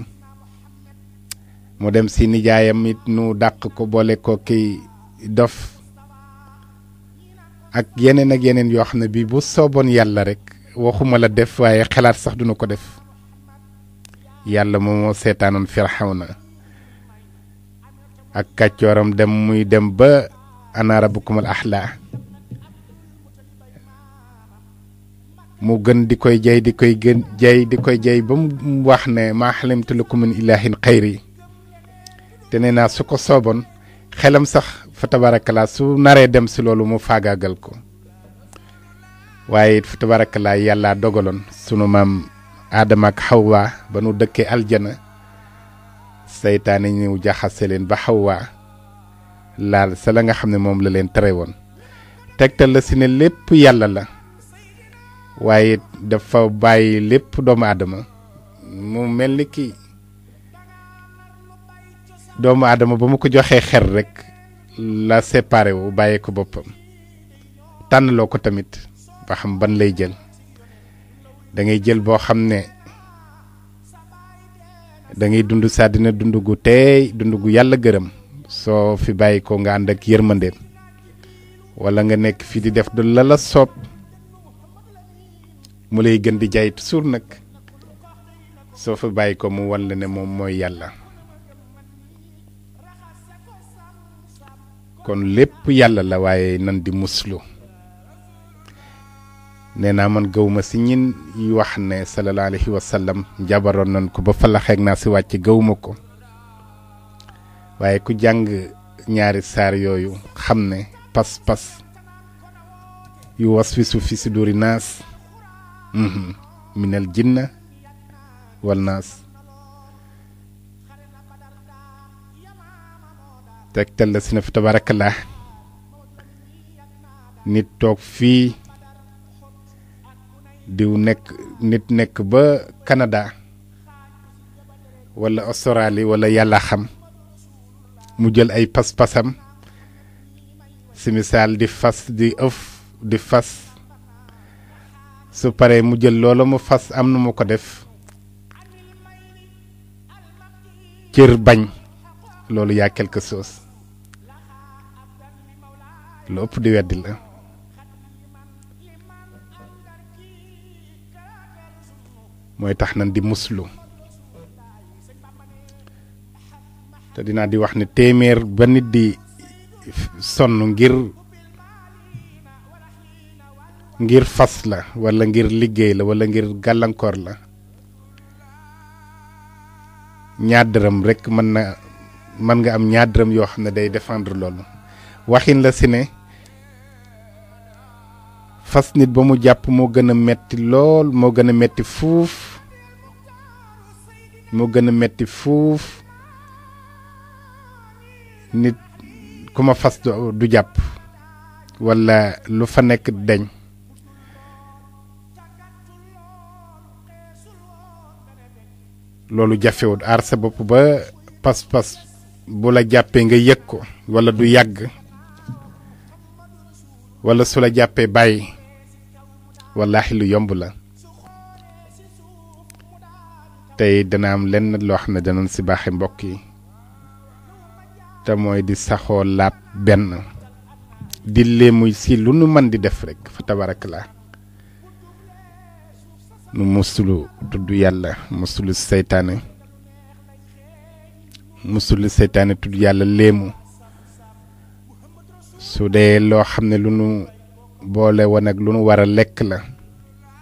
mu dem si nijaayam it nu dàq ko boole ko ki dof ak yeneen ak yeneen yoo xam ne bii bu sooboon yàlla rekk waxuma la def waaye xalaat sax duna ko def yàlla moom moo seetaanoon Firawna ak kàccooram dem muy dem ba ana rabbukumul axlaa mu gën di koy jay di koy gën jay di koy jay ba mu wax ne maa xalimtu lakum min ilaahin xayri te nee naa su ko sooboon xelam sax fa tabarakalaa su naree dem si loolu mu faagaagal ko waaye it fa tabarakalaa yàlla dogaloon sunu maam aadama ak xawwa ba nu dëkkee aljana seytaane ñëw jaxase leen ba xawwa laal sa la nga xam ne moom la leen tere woon tegtal la si ne lépp yàlla la waaye dafa bàyyi lépp doomu aadama mu mel ni kii doomu aadama ba mu ko joxee xer rek la séparé wu bàyyee ko boppam ko tamit ba xam ban lay jël da ngay jël boo xam ne da ngay dund saa dina dund gu teey dund gu yàlla gërëm soo fi bàyyi ko nga ànd ak yërmandeem wala nga nekk fi di def du la la soob mu lay di jaay nag soo fi bàyyi ko mu wan la ne moom mooy kon lépp yàlla la waaye nan di muslu nee naa man gawma si ñin yi wax ne sallallahu alayhi wa sallam njabaroon nan ko ba falaxeeg naa si wàcc gawma ko waaye ku jàng ñaari saar yooyu xam ne pas-pas yu waswisu fi suduri naas mhm, minal jinna wal naas tegtal la si na fi tabarakallah nit toog fii diw nekk nit nekk ba Canada wala Australie walla yàlla xam mu jël ay pas-pasam si misaal di fas di ëf di fas su paree mu jël loola mu fas am na mu ko def cër bañ loolu yaa quelque chose lu ëpp di weddi la mooy tax nan di muslu te dina di wax ni téeméer ba nit di sonn ngir ngir fas la walla ngir liggéey la walla ngir gàllankoor la ñaar dërëm rekk mën na man nga am ñaar dërëm yoo xam ne day défendre loolu waxin la si ne fas nit ba mu jàpp moo gën a metti lool moo gën a metti fuuf moo gën a metti fuuf nit ku ma fas du jàpp walla lu fa nekk deñ loolu jafewut aar sa bopp ba pas-pas bu la jàppee nga yëg ko walla du yàgg walla su la jàppee bàyyi wallaahi lu yomb la tey dana am lenn loo xam ne danañ si baaxe mbokk yi te mooy di saxoo laab benn di léemuy si lu nu mën di def rekk fa tabarak la nu musulu tudd yàlla ci seytaane musul seytaane tudd yàlla léemu su dee loo xam ne lu nu boole woon ak lu nu war a lekk la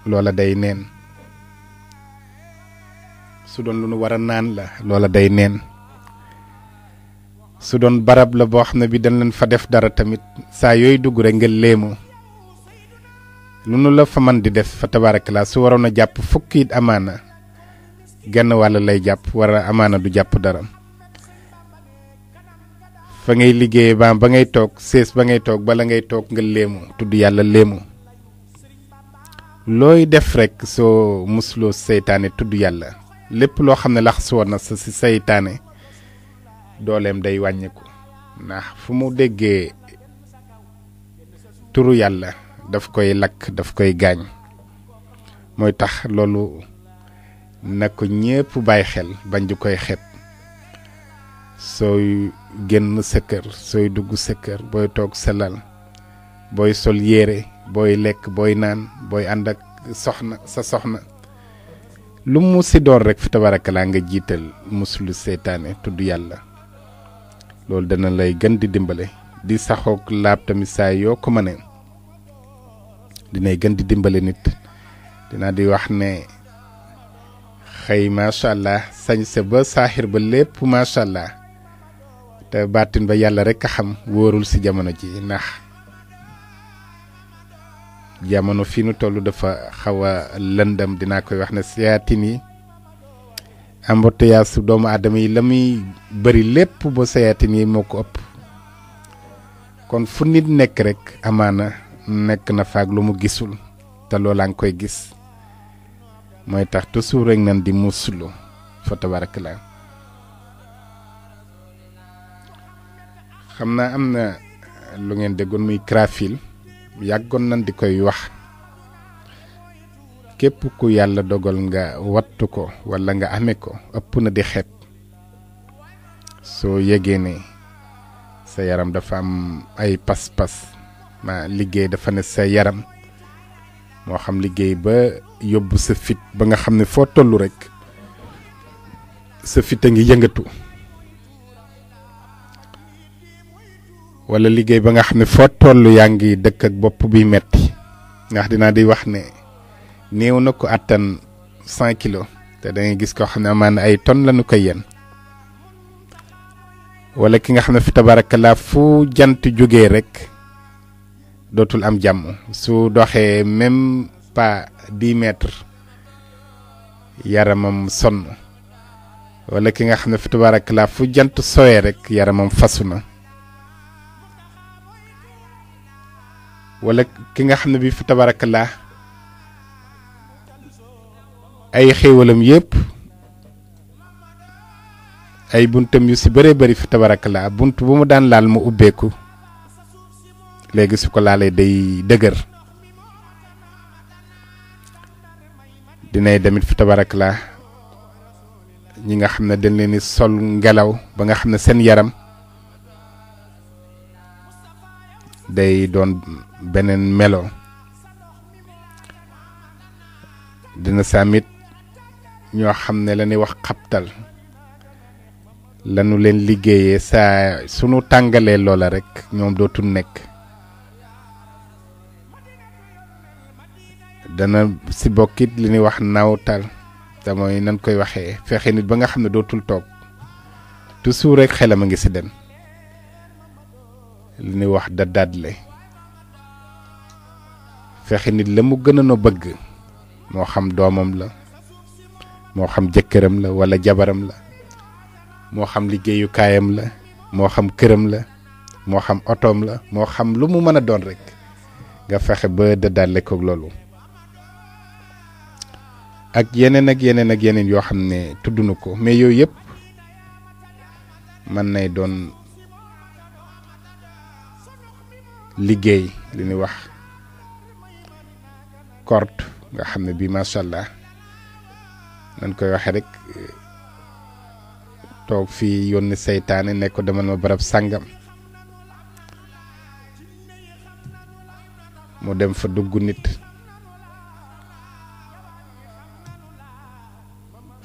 loola day neen su doon lu nu war a naan la loola day neen su doon barab la boo xam ne bi dañ leen fa def dara tamit saa yooyu dugg rek nga léemu lu nu la fa man di def fa tabaarakala su waroon a jàpp fukki it amaana genn wàll lay jàpp war a amaana du jàpp dara fa ngay liggéeyee ba ba ngay toog sées ba ngay toog bala ngay toog nga léemu tudd yàlla léemu looy def rekk soo musloo seytaane tudd yàlla lépp loo xam ne lax woon na sa si seytaane dooleem day wàññiku ndax fu mu déggee turu yàlla daf koy lakk daf koy gaañ mooy tax loolu na ko ñépp bàyyi xel bañ du koy xet sooy génn sa kër sooy dugg sa kër booy toog sa lal booy sol yére booy lekk booy naan booy ànd ak soxna sa soxna lu mu si door rek fi tabarakalaa nga jiital musulu seytaane tudd yàlla loolu dana lay gën di dimbale di saxoog laab tamit saa yoo ko mënee dinay gën di dimbale nit dinaa di wax ne xëy macha allah sañ sa ba saaxir ba lépp macha te baatin ba yàlla rekk a xam wóorul ci jamono ji ndax jamono fi nu toll dafa xawa a lëndam dinaa koy wax ne sayaatin yi embouteillage su doomu aadama yi la muy bëri lépp ba sayaatin yi moo ko ëpp kon fu nit nekk rek amaana nekk na faag lu mu gisul te loolaa ngi koy gis mooy tax toujours rek nan di muslu fa tabarak la xam naa am na euh, lu ngeen déggoon muy crafil yàggoon na di koy wax képp ku yàlla dogal nga wattu ko walla nga ame ko ëpp na di xet soo yëgee ne sa yaram dafa am ay pas-pas ma liggéey dafa ne sa yaram moo xam liggéey ba yóbbu sa fit ba nga xam ne foo tollu rekk sa fit a ngi yëngatu wala liggéey ba nga xam ne foo toll yaa ngi dëkk ak bopp bi metti ndax dinaa di wax ne néew na ko attan cent kilos te da gis ko xam ne amaan ay tonnes lañu ko yenn wala ki nga xam ne fi tabarakalaa fu jant jógee rek dootul am jàmm su doxee même pas dix mètres yaramam sonn wala ki nga xam ne fi fu jant sowee rek yaramam fasu na wala ki nga xam ne bi fi tabarakallah ay xéewalam yëpp ay buntam yu si bëree bëri fi tabarakallah bunt bu mu daan laal mu ubbeeku léegi su ko laalee day dëgër dinay demit fi tabarakallah ñi nga xam ne dañ leen di sol ngelaw ba nga xam ne seen yaram day doon beneen melo dina samit ñoo xam ne lañuy wax xaptal lañu leen liggéeyee saa sunu tàngalee loola rekk ñoom dootul nekk dana si bokkit li ñuy wax naawtal te mooy nan koy waxee fexe nit ba nga xam ne dootul toog toujours rek xelam a ngi si dem li ñuy wax da fexe nit la mu gën a no bëgg moo xam doomam la moo xam jëkkëram la walla jabaram la moo xam liggéeyukaayam la moo xam këram la moo xam otoom la moo xam lu mu mën a doon rekk nga fexe ba dëddaale ko loolu ak yeneen ak yeneen ak yeneen yoo xam ne tudd na ko mais yooyu yëpp mën nay doon liggéey li ñuy wax kort nga xam ne bii macha allah nañ koy waxee rek toog fii yónni seytaane ne ko demal ma barab sàngam mu dem fa dugg nit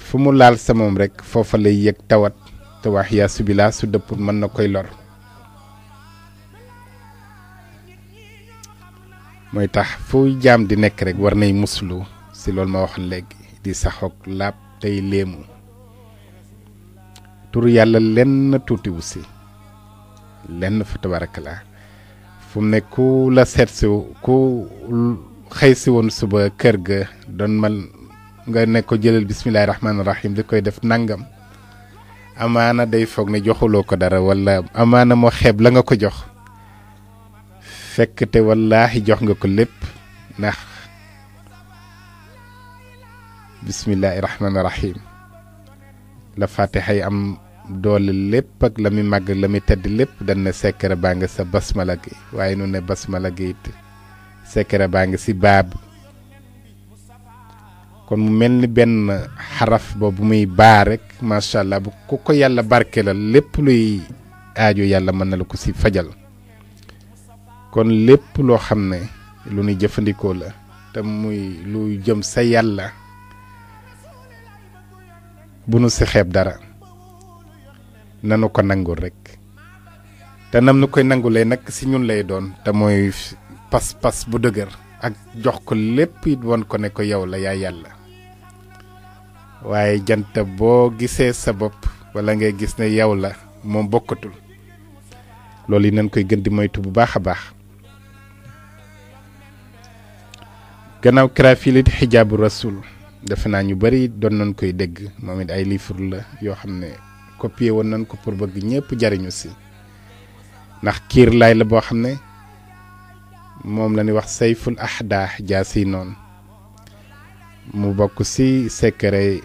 fu mu laal sa moom rek foofa lay yëg tawat te wax yaa subila su dëppul mën na koy lor mooy tax fu jaam di nekk rek war nay muslu si loolu ma waxoon léegi di saxoog laab tey léemu tur yàlla lenn tuutiwu si lenn fa la fu mu ne ku la seet si ku xëy si woon suba kër ga doon man nga ne ko jëlal bismillahi rahmaani rahim li koy def nangam amaana day foog ne joxuloo ko dara wala amaana mu xeeb la nga ko jox fekk te wallaahi jox nga ko lépp ndax bismillaahi rahmaani rahiim la fatiha yi am doole lépp ak la muy màgg la muy tedd lépp dañ ne sekkere baa nga sa basmala gi waaye nu ne basmala gi it sekkere baa nga si baab kon mu mel ni benn xaraf ba bu muy baa rek macha allah bu ku ko yàlla barkelal lépp luy aajo yàlla mën na la ko si fajal. kon lépp loo xam ne lu nu jëfandikoo la te muy lu jëm sa yàlla bu nu si dara nanu ko nangul rekk te nam nu koy nangulee nag si ñun lay doon te mooy pas-pas bu dëgër ak jox ko lépp woon ko ne ko yow la yaa yàlla waaye jant boo gisee sa bopp wala ngay gis ne yow la moom bokkatul loolu yi nañ koy gën di moytu bu baax a baax gannaaw Karaafil it xijaabu rasul defe naa ñu bëri doon nañ koy dégg moom it ay livre la yoo xam ne copier woon nañ ko pour bëgg ñëpp jariñu si ndax kiir laay la boo xam ne moom la ñuy wax sayful ahdaa siy noon mu bokk si secret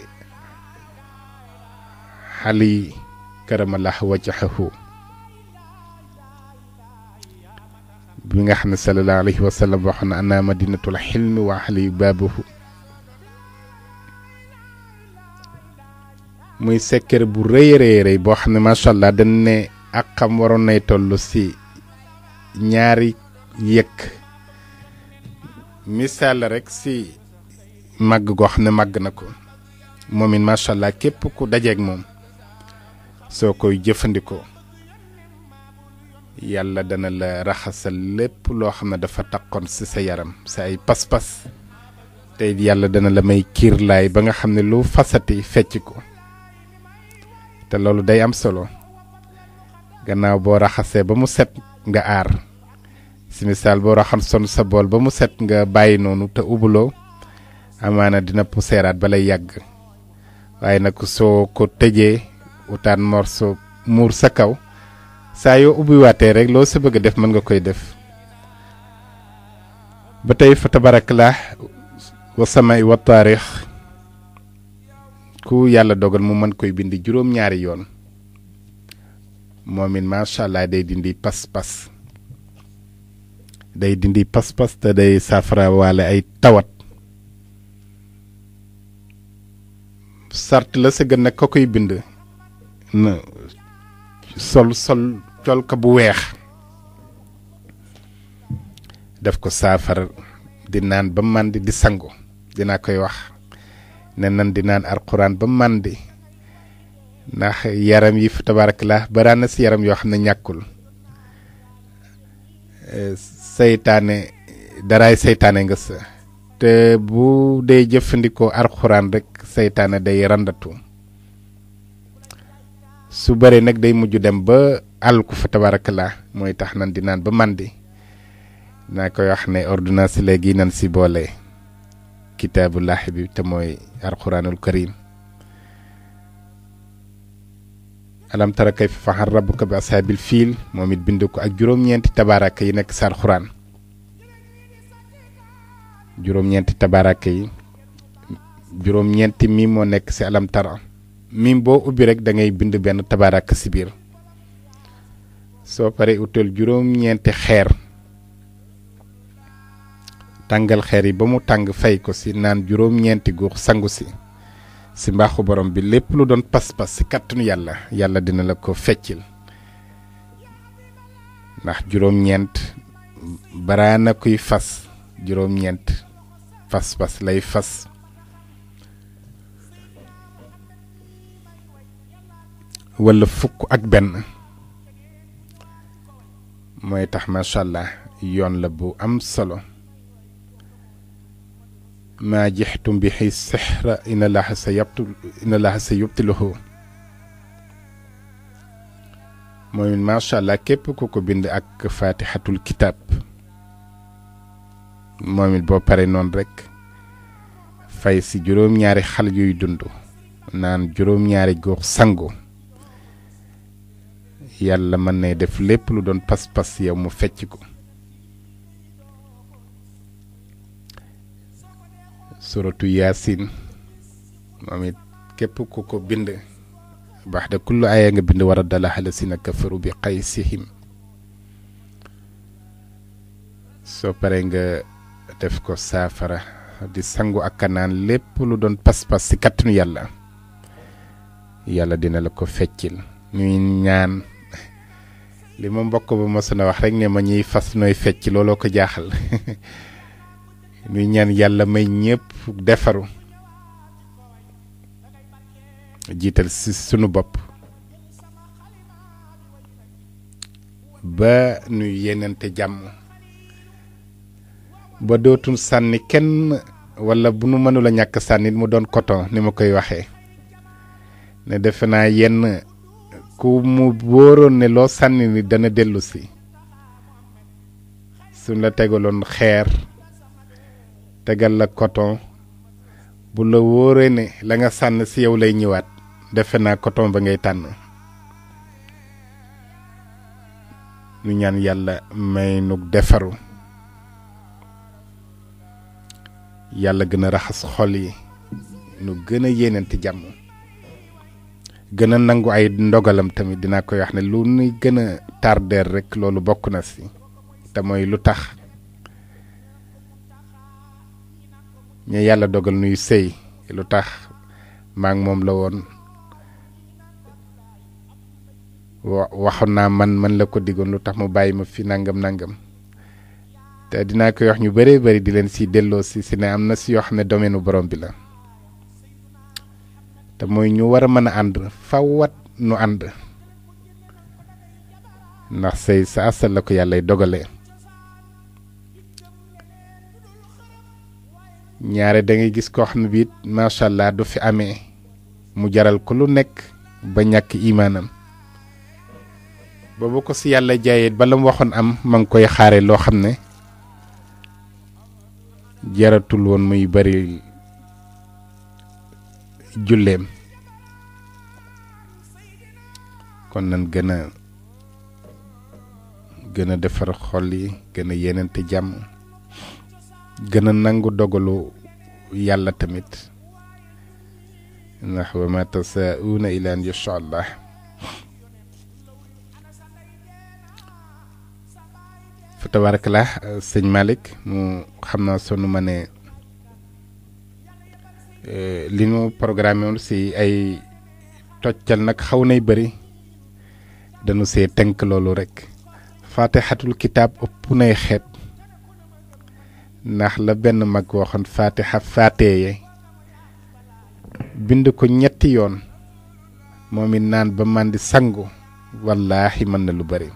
xali karamallah wajhahu bi nga xam ne sallallahu alayhi wa sallam wax na ana madinatul xilmi wa ahli baabuhu muy sekkër bu rëy rëy rëy boo xam ne macha allah dañ ne ak xam waroon nay toll si ñaari yëkk misaal rekk si màgg goo xam ne màgg na ko moom it macha allah képp ku dajeeg moom soo koy jëfandikoo. yàlla dana la raxasal lépp loo xam ne dafa takkoon ci sa yaram sa ay pas-pas tey yàlla dana la may kiir laay ba nga xam ne lu fasati fecc ko te loolu day am solo gannaaw boo raxasee ba mu set nga aar si misaal boo raxam son sa bool ba mu set nga bàyyi noonu te ubuloo amaana dina puseeraat ba lay yàgg waaye nag soo ko tëjee utaan morso muur sa kaw saa yoo ubbiwaatee rek loo sa bëgg a def mën nga koy def ba tey fa la wa samay wa taarix ku yàlla dogal mu mën koy bind juróom-ñaari yoon moom it macha allah day dindi pas-pas day dindi pas-pas te day saafara waale ay tawat sart la sa gën nag ko koy bind sol sol col ko bu weex def ko saafara di naan ba màndi di sangu dina koy wax ne nan di naan alxuraan ba màndi ndax yaram yi fi la baraan na si yaram yoo xam ne ñàkkul eh, seytaane daray seytaane nga sa te bu dee jëfandikoo alxuraan rekk seytaane day randatu su bare nag day mujj dem ba Alku ko fa tabarakallah moy tax nan di nan ba di na koy wax ne ordonnance léegi nan si bolé kitabullah bi te moy alquranul karim alam tara kayf fa faxal rabbuka bi ashabil fil momit it ko ak jurom ñent tabarak yi nek sar quran jurom ñent tabarak yi jurom ñent mi mo nek ci alam tara mim ubirek ubbi rek da ngay bind ben tabarak sibir so pare utal juróom-ñeenti xeer tàngal xeer yi ba mu tàng fay ko si naan juróom-ñeenti guux sangu si si mbaaxu borom bi lépp lu doon pas-pas si yalla yalla yàlla dina la ko feccil ndax juróom-ñeent baraana kuy fas juróom-ñeent fas-fas lay fas wala fukk ak benn mooy tax macha allah yoon la bu am solo maa jextum bi xi sixra ina laaxa sa yabtu ina laaxa sa yubtiluhu mooy macha allah képp ku ko bind ak faatixatul kitab moom it boo paree noonu rek fay si juróom-ñaari xal yuy dund naan juróom-ñaari góox sangu yàlla mën na def lépp lu doon pas-pas yow mu fecc ko suratu yaasin moom it képp ku ko bind baax de kullu aaya nga bind wara a si xalasina faru bi xay sihim soo paree nga def ko saafara di sangu ak kanaan lépp lu doon pas-pas si kattanu yàlla yàlla dina la ko feccil ñuy ñaan li ma mbokk ba mos wax rek ne ma ñuy fas nooy fecc looloo ko jaaxal ñuy ñaan yàlla may ñëpp defaru jiital si sunu bopp ba nuy yenente jàmm ba dootul sànni kenn wala bu nu mënula ñàkk sànni mu doon koto ni ma koy waxee ne defe naa yenn ku mu wóoroon ne loo sànni ni dana dellu si la tegaloon xeer tegal la coton bu la wóoree ne la nga sànn si yow lay ñëwaat defe naa koton ba ngay tànn ñu ñaan yàlla may nu defaru yàlla gën a raxas xol yi nu gën a yéenante jàmm gën a nangu ay ndogalam tamit dina koy wax ne lu nuy gën a tarder rek loolu bokk na si te mooy lu tax ñu yàlla dogal nuy sëy lu tax maak moom la woon waxoon naa man man la ko diggoon lu tax mu bàyyi ma fi nangam nangam te dina koy wax ñu bëree bëri di leen si delloo si si ne am na si yoo xam ne domaine borom bi la. te mooy ñu war a mën a ànd fawat nu ànd ndax say sa asal la ko yàllay dogale ñaare dangay gis koo xam ne biit macha allah du fi amee mu jaral ko lu nekk ba ñàkk imaanam boobu ko si yàlla jaayit bala la mu waxoon am ma ngi koy xaare loo xam ne jaratul woon muy bari julleem kon nan gën a gën a defar xol yi gën a yenente jàmm gën a nangu dogalu yàlla tamit ndax wa ma tasaauna ila an yasha allah fa tabarak la sëñ Malick mu xam naa sonu ma ne Euh, li ñu programme woon si ay toccal nag xaw nay bëri dañu see tënk loolu rekk faatixatul kitaab ëpp nay xeet ndax la benn mag waxoon faatixa faateye bind ko ñetti yoon moom it naan ba màndi sangu wallaahi mën na lu bëri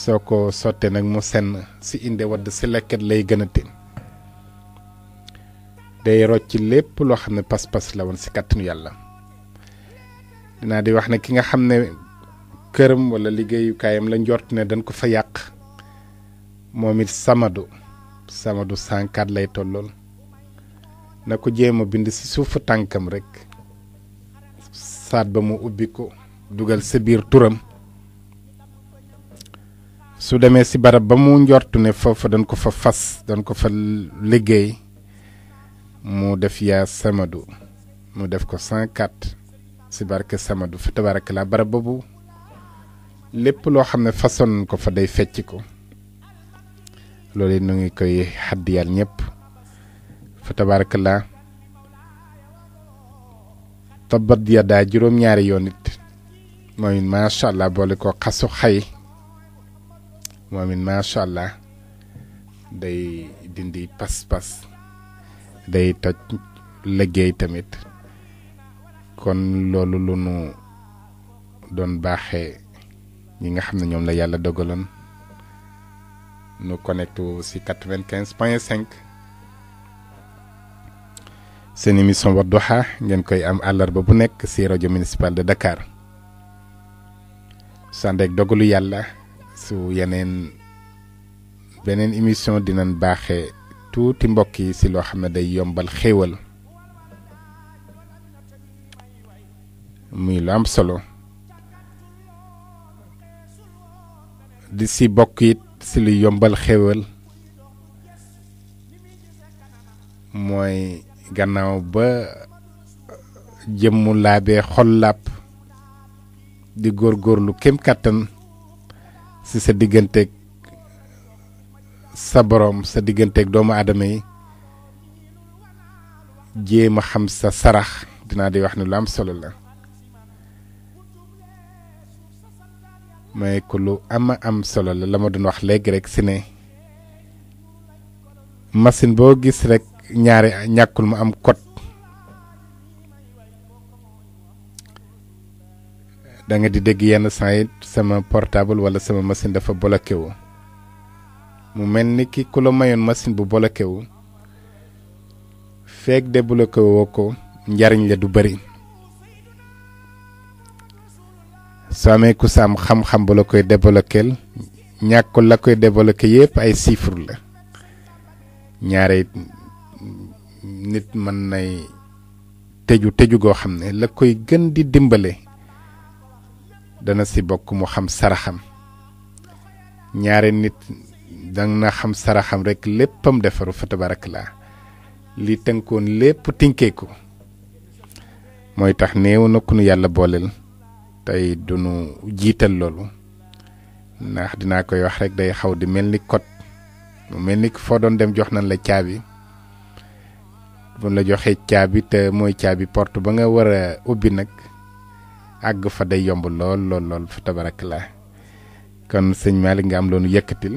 soo ko sottee nag mu senn si inde wadd si lekket lay gën a tin day rocc lépp loo xam ne pas-pas la woon si kàttanu yàlla dinaa di wax ne ki nga xam ne këram wala liggéeyukaayam la njort ne dañ ko fa yàq moom it samadu samadu 104 lay tollool na ko jéem a bind si suufu tànkam rekk saat ba mu ubbi ko dugal sa biir turam su demee si barab ba mu njort ne foofa dañ ko fa fas dañ ko fa liggéey mu def yaa Samadou mu def ko 104 si barke Samadou fa tabaraka laa barab boobu lépp loo xam ne façon ko fa day fecc ko loolu nu ngi koy xaddiyal ñëpp fa tabaraka laa tabat yadaa juróom-ñaari yoon it moom it macha allah boole ko xasu xay moom it macha allah day dindi pas-pas. day toj liggéey tamit kon loolu lu nu doon baaxee ñi nga xam ne ñoom la yàlla dogaloon nu connecté si 95.5, point cinq seen ngeen koy am àllarba bu nekk si rajo municipal de Dakar sàndeeg dogalu yàlla su yeneen beneen émission dinañ baaxee tuuti mbokk yi si loo xam ne day yombal xéewal muy lu am solo di ci bokk it si lu yombal xéewal mooy gannaaw ba jëmmu laabee xol làpp di góorgóorlu kem kàttan ci sa diggante sa borom sa digganteeg doomu aadama yi jéem a xam sa sarax dinaa di wax ne lu am solo la may ko lu ama am solo la la ma doon wax léegi rek si ne machine boo gis rek ñaari ñàkkul mu am kot da nga di dégg yenn saa sama portable wala sama machine dafa bloqué wu mu mel ni ki ku la mayoon machine bu bloqué wu feeg débloqué woo ko njariñ la du bari soo amee ku sam xam-xam ba la koy débloqueel ñàkkul la koy débloqué yépp ay chiffre la ñaare nit mën nay tëju tëju goo xam ne la koy gën di dimbale dana si bokk mu xam saraxam ñaare nit dang na xam saraxam rek léppam defaru fa la li tënkoon lépp ko mooy tax néew na ku nu yàlla booleel tey du jiital loolu ndax dinaa koy wax rek day xaw di mel ni kot mu mel ni foo doon dem jox nañ la caabi bu la joxee caabi te mooy caabi port ba nga war a ubbi nag àgg fa day yomb lool lool lool fa la kon sëñ Malick nga am loonu yëkkatil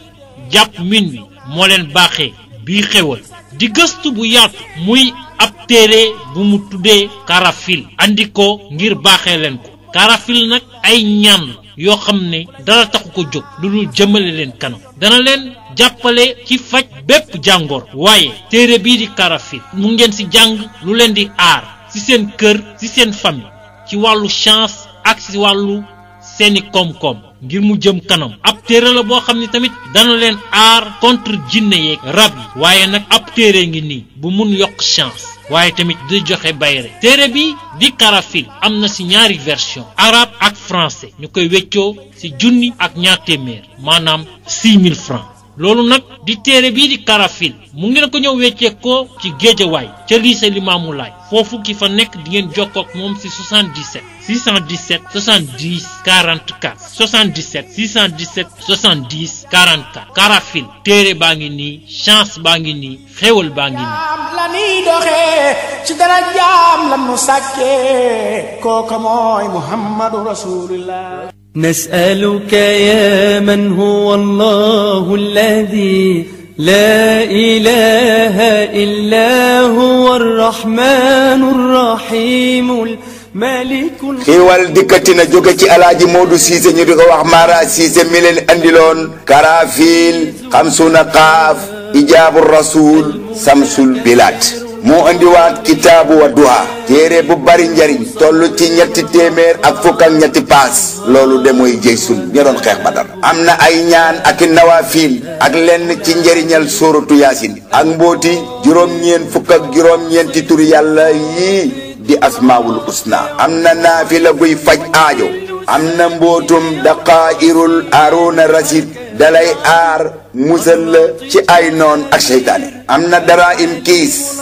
jàpp min wi moo leen baaxee bii xewal di gëstu bu yaatu muy ab téere bu mu tuddee karafil andi ngir baaxee leen ko karafil nag ay ñaan yoo xam ne dara taxu ko jóg lu dul jëmale leen kanam dana leen jàppale ci faj bépp jàngoor waaye téere bii di karafil mu ngeen ci jàng lu leen di aar ci seen kër ci seen famille ci wàllu chance ak ci wàllu seeni koom-koom ngir mu jëm kanam ab téere la boo xam ne tamit dana leen aar contre jinne yeeg rab yi waaye nag ab téere ngi nii bu mun yokk chance waaye tamit di joxe bayre téere bi di karafil am na ci ñaari version arabe ak français ñu koy weccoo ci junni ak ñaar téeméer maanaam 6000 francs loolu nag di téere bii di karafil mu ngi ngeen ko ñëw wecceekoo ci géejawaay ca lycée Limaamu Laay foofu ki fa nekk di ngeen jokkoo ak moom si 77 617 70 44 77 617 70 44 karafil téere baa ngi nii chance baa ngi nii xéwal baa ngi nii. la ñuy doxee ci dara jaam sàkkee kooka mooy Muhammadu Rasulullah. نسألك يا من هو الله الذي لا إله إلا هو الرحمن الرحيم الملك في والدكتنا جوكتي على جمود سيزن يرغو أحمارا سيزن ملين أندلون كرافيل خمسون قاف إجاب الرسول سمسول البلاد. moo indiwaat kitaabu Wadduha téere bu bari njariñ toll ci ñetti téeméer ak fukk ñetti paas loolu de mooy jëy sun ña doon xeex Badar am na ay ñaan ak i nawafiil ak lenn ci njariñal sóoratu yaasin ak mbóoti juróom-ñeen fukk juróom-ñeenti turi yàlla yii di asmaawul usna am na naafila buy faj aajo am na mbootum daqaa'irul aaruuna rasid dalay aar musal la ci ay noon ak seytaane am na dara im kiis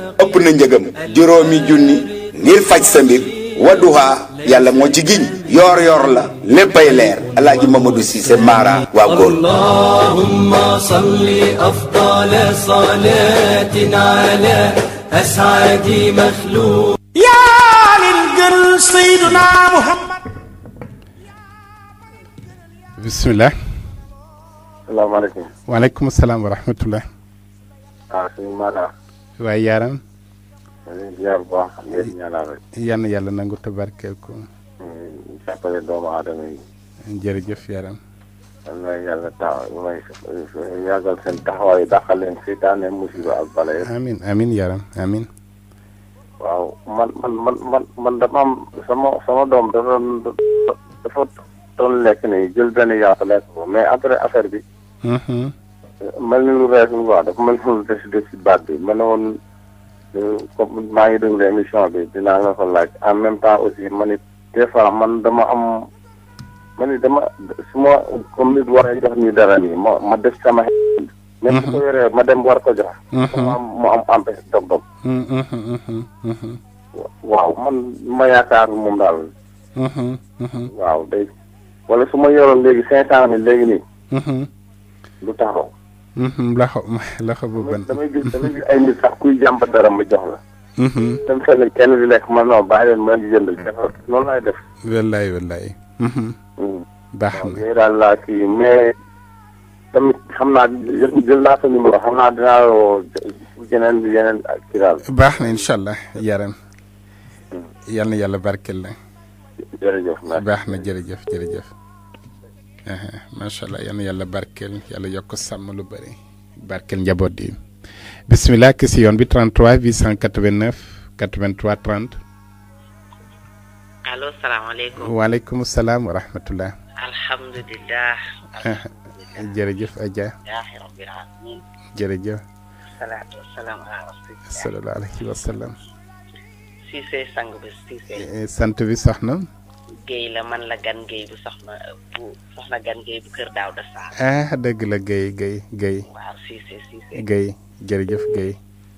ëpp na njëgam juróomi junni ngir faj sa mbir wadduha yàlla moo ci giñ yoor yoor la léppay leer alaaji mamadou cissé mara waa góor allahumma salli afdal salatin ala as'adi makhluq yaa lil gën sayyiduna muhammad bismillah salaamaaleykum waaleykum salaam wa rahmatullah waaw suñu maanaam waaye yaaram bu baax ngeen ñaanal rek. yal na yàlla nangu te barkeel ko. jàppale doomu aadama yi. jërëjëf yaram. yal na yàlla taxaw may yàggal seen taxawaay dàqal leen seytaane musiba ak bala yëpp. amiin amiin yaram amiin. waaw man man man man man dama am sama sama doom dafa dafa doon lekk nii jël benn yàpp lekk ko mais après affaire bi. mel ni lu reesul quoi dafa mel ni lu des des ci baat bi ma ne woon. comme maa ngi déglu émission bi dina la ko laaj en même aussi ma ni des fois man dama am ma ni dama su ma comme nit war a jox ñu dara nii ma ma def sama xel. Mhm. ma dem war ko jox. Mhm. ma am am dog-dog. Mhm, waaw man ma yaakaar moom daal. waaw day wala su ma yoroon léegi cinq cent mille léegi nii. du taxaw. Mhm, laxo laxo la ban. damay gis damay gis ay nit ma jox la. Mhm. dem xel kenn di lekk ma jënd defar noonu laay def. wallaay wallaay. Mhm. Mm. baax na waaw daal laa kii mais xam naa jël naa xam naa dinaa woo yeneen yeneen kii baax na incha allah yaram. Mm. yal na yàlla barkeel la. jërëjëf baax na jërëjëf jërëjëf. macha allah yal na barkeel yàlla yokk sàmm lu bëri barkeel njaboot yi bisimilah ki si yoon bi 33 889 83 30. allo salaamaaleykum. waaleykum salaam wa rahmatullah. alhamdulilah. jërëjëf Adja. jërëjëf. salaatu wa salaam ala rasulillah. sallallahu alayhi wa sallam. Cissé sang bi Cissé. Eh, sant bi soxna. Guèye la man la gan Guèye bu soxna bu soxna gan Guèye bu kër daaw da saar ah dëgg la Guèye Guèye Guèye waaw si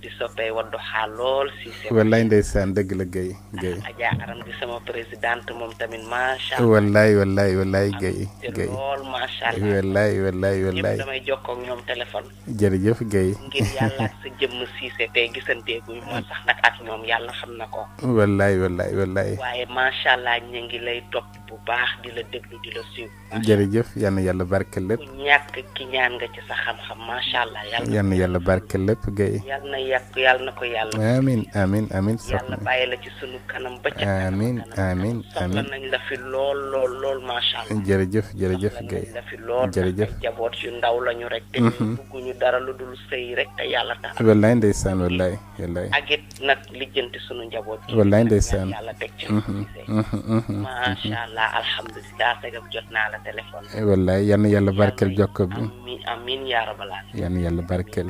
di soppe wondo ha si Cissé wallay ndeysaan dëgg la Guèye Guèye Adja ah, Aram di sama présidente moom tamit macha allah wallay wallay wallay Guèye Guèye lool macha allah wallay wallay wallay damay jokkoo ak ñoom téléphone jërëjëf Guèye ngir yàlla ak si jëmm Cissé tey gisanteeguñu moo sax nag ak ñoom yàlla xam na ko wallay wallay wallay waaye macha allah ñu ngi lay topp bu baax di la déglu di la suivre jërëjëf yal na yàlla barke lépp ñàkk ki ñaan nga ci sa xam-xam macha allah yal na yàlla barke lépp Guèye yàgg yàlla na ko yàlla. amiin amiin amiin soxna yàlla bàyyi la ci sunu kanam. ba ca kanam amiin amiin amiin soxla nañ la fi lool lool lool macha allah. jërëjëf jërëjëf Guèye soxla nañ la fi lool. jërëjëf jaboot yu ndaw lañu rek. Mhm. te bëgguñu dara lu dul sëy rek te yàlla tax. wallaay ndeysaan wallaay wallaay. ak it nag lijjanti sunu njaboot gi. wallaay ndeysaan yàlla teg ci mhm, mhm, macha allah alhamdulilah tegam jot naa la téléphone. Eh, wallaay yal na yàlla barkeel jokko bi. amiin amiin yaa rabbal aalamiin. yal na yàlla barkeel.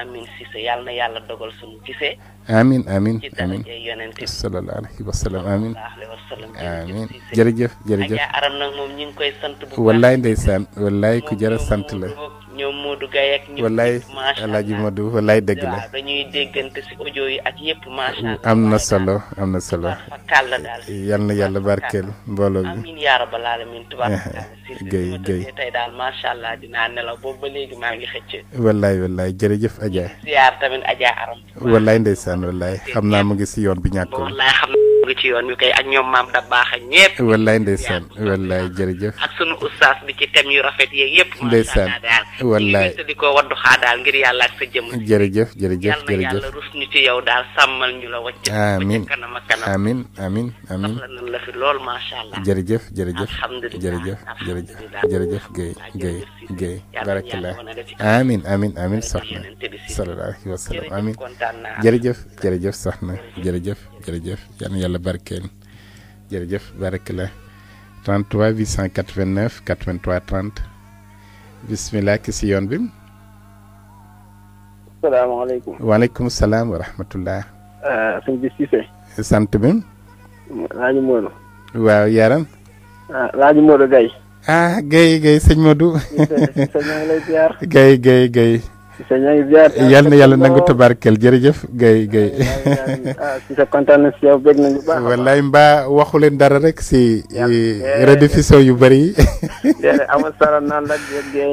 amin yàlla na yàlla dogal amin amin ci daraja yonent bi sallallahu ku jara sant la ñoom Modou Gaye ak wallaay alaaji la dañuy déggante si audio yi ak yëpp am na solo am na solo kàll yal na yàlla barkeel mbooloo bi amiin yaa rabbal allah dinaa nelaw boobu ba léegi maa ngi xëcc wallaay wallaay jërëjëf Adja ziar tamit Adja Aram wallaay ndeysaan wallaay xam naa mu ngi si yoon bi ñàkkul tegu ci yoon wi kay ak ñoom maam da baax ak ñépp amin amin amin amin nan la fi amin amin amin soxna sallallahu alayhi wa sallam amin jërëjëf yal na yàlla barkeel jërëjëf barke la 33 889 83 30 bisimilah ki si yoon bi. salaamaaleykum. waaleykum salaam wa rahmatullah. Euh, sant bi. Laaji Modou. waaw yaram. ah euh, Laaji Modou Gaye. ah Gaye Gaye sëñ Modou. sëñ bi yal na yàlla nangu tabarkel jërëjëf gay gay ah, wallaay mbaa waxu leen dara rek si rediffusion yu bëri yi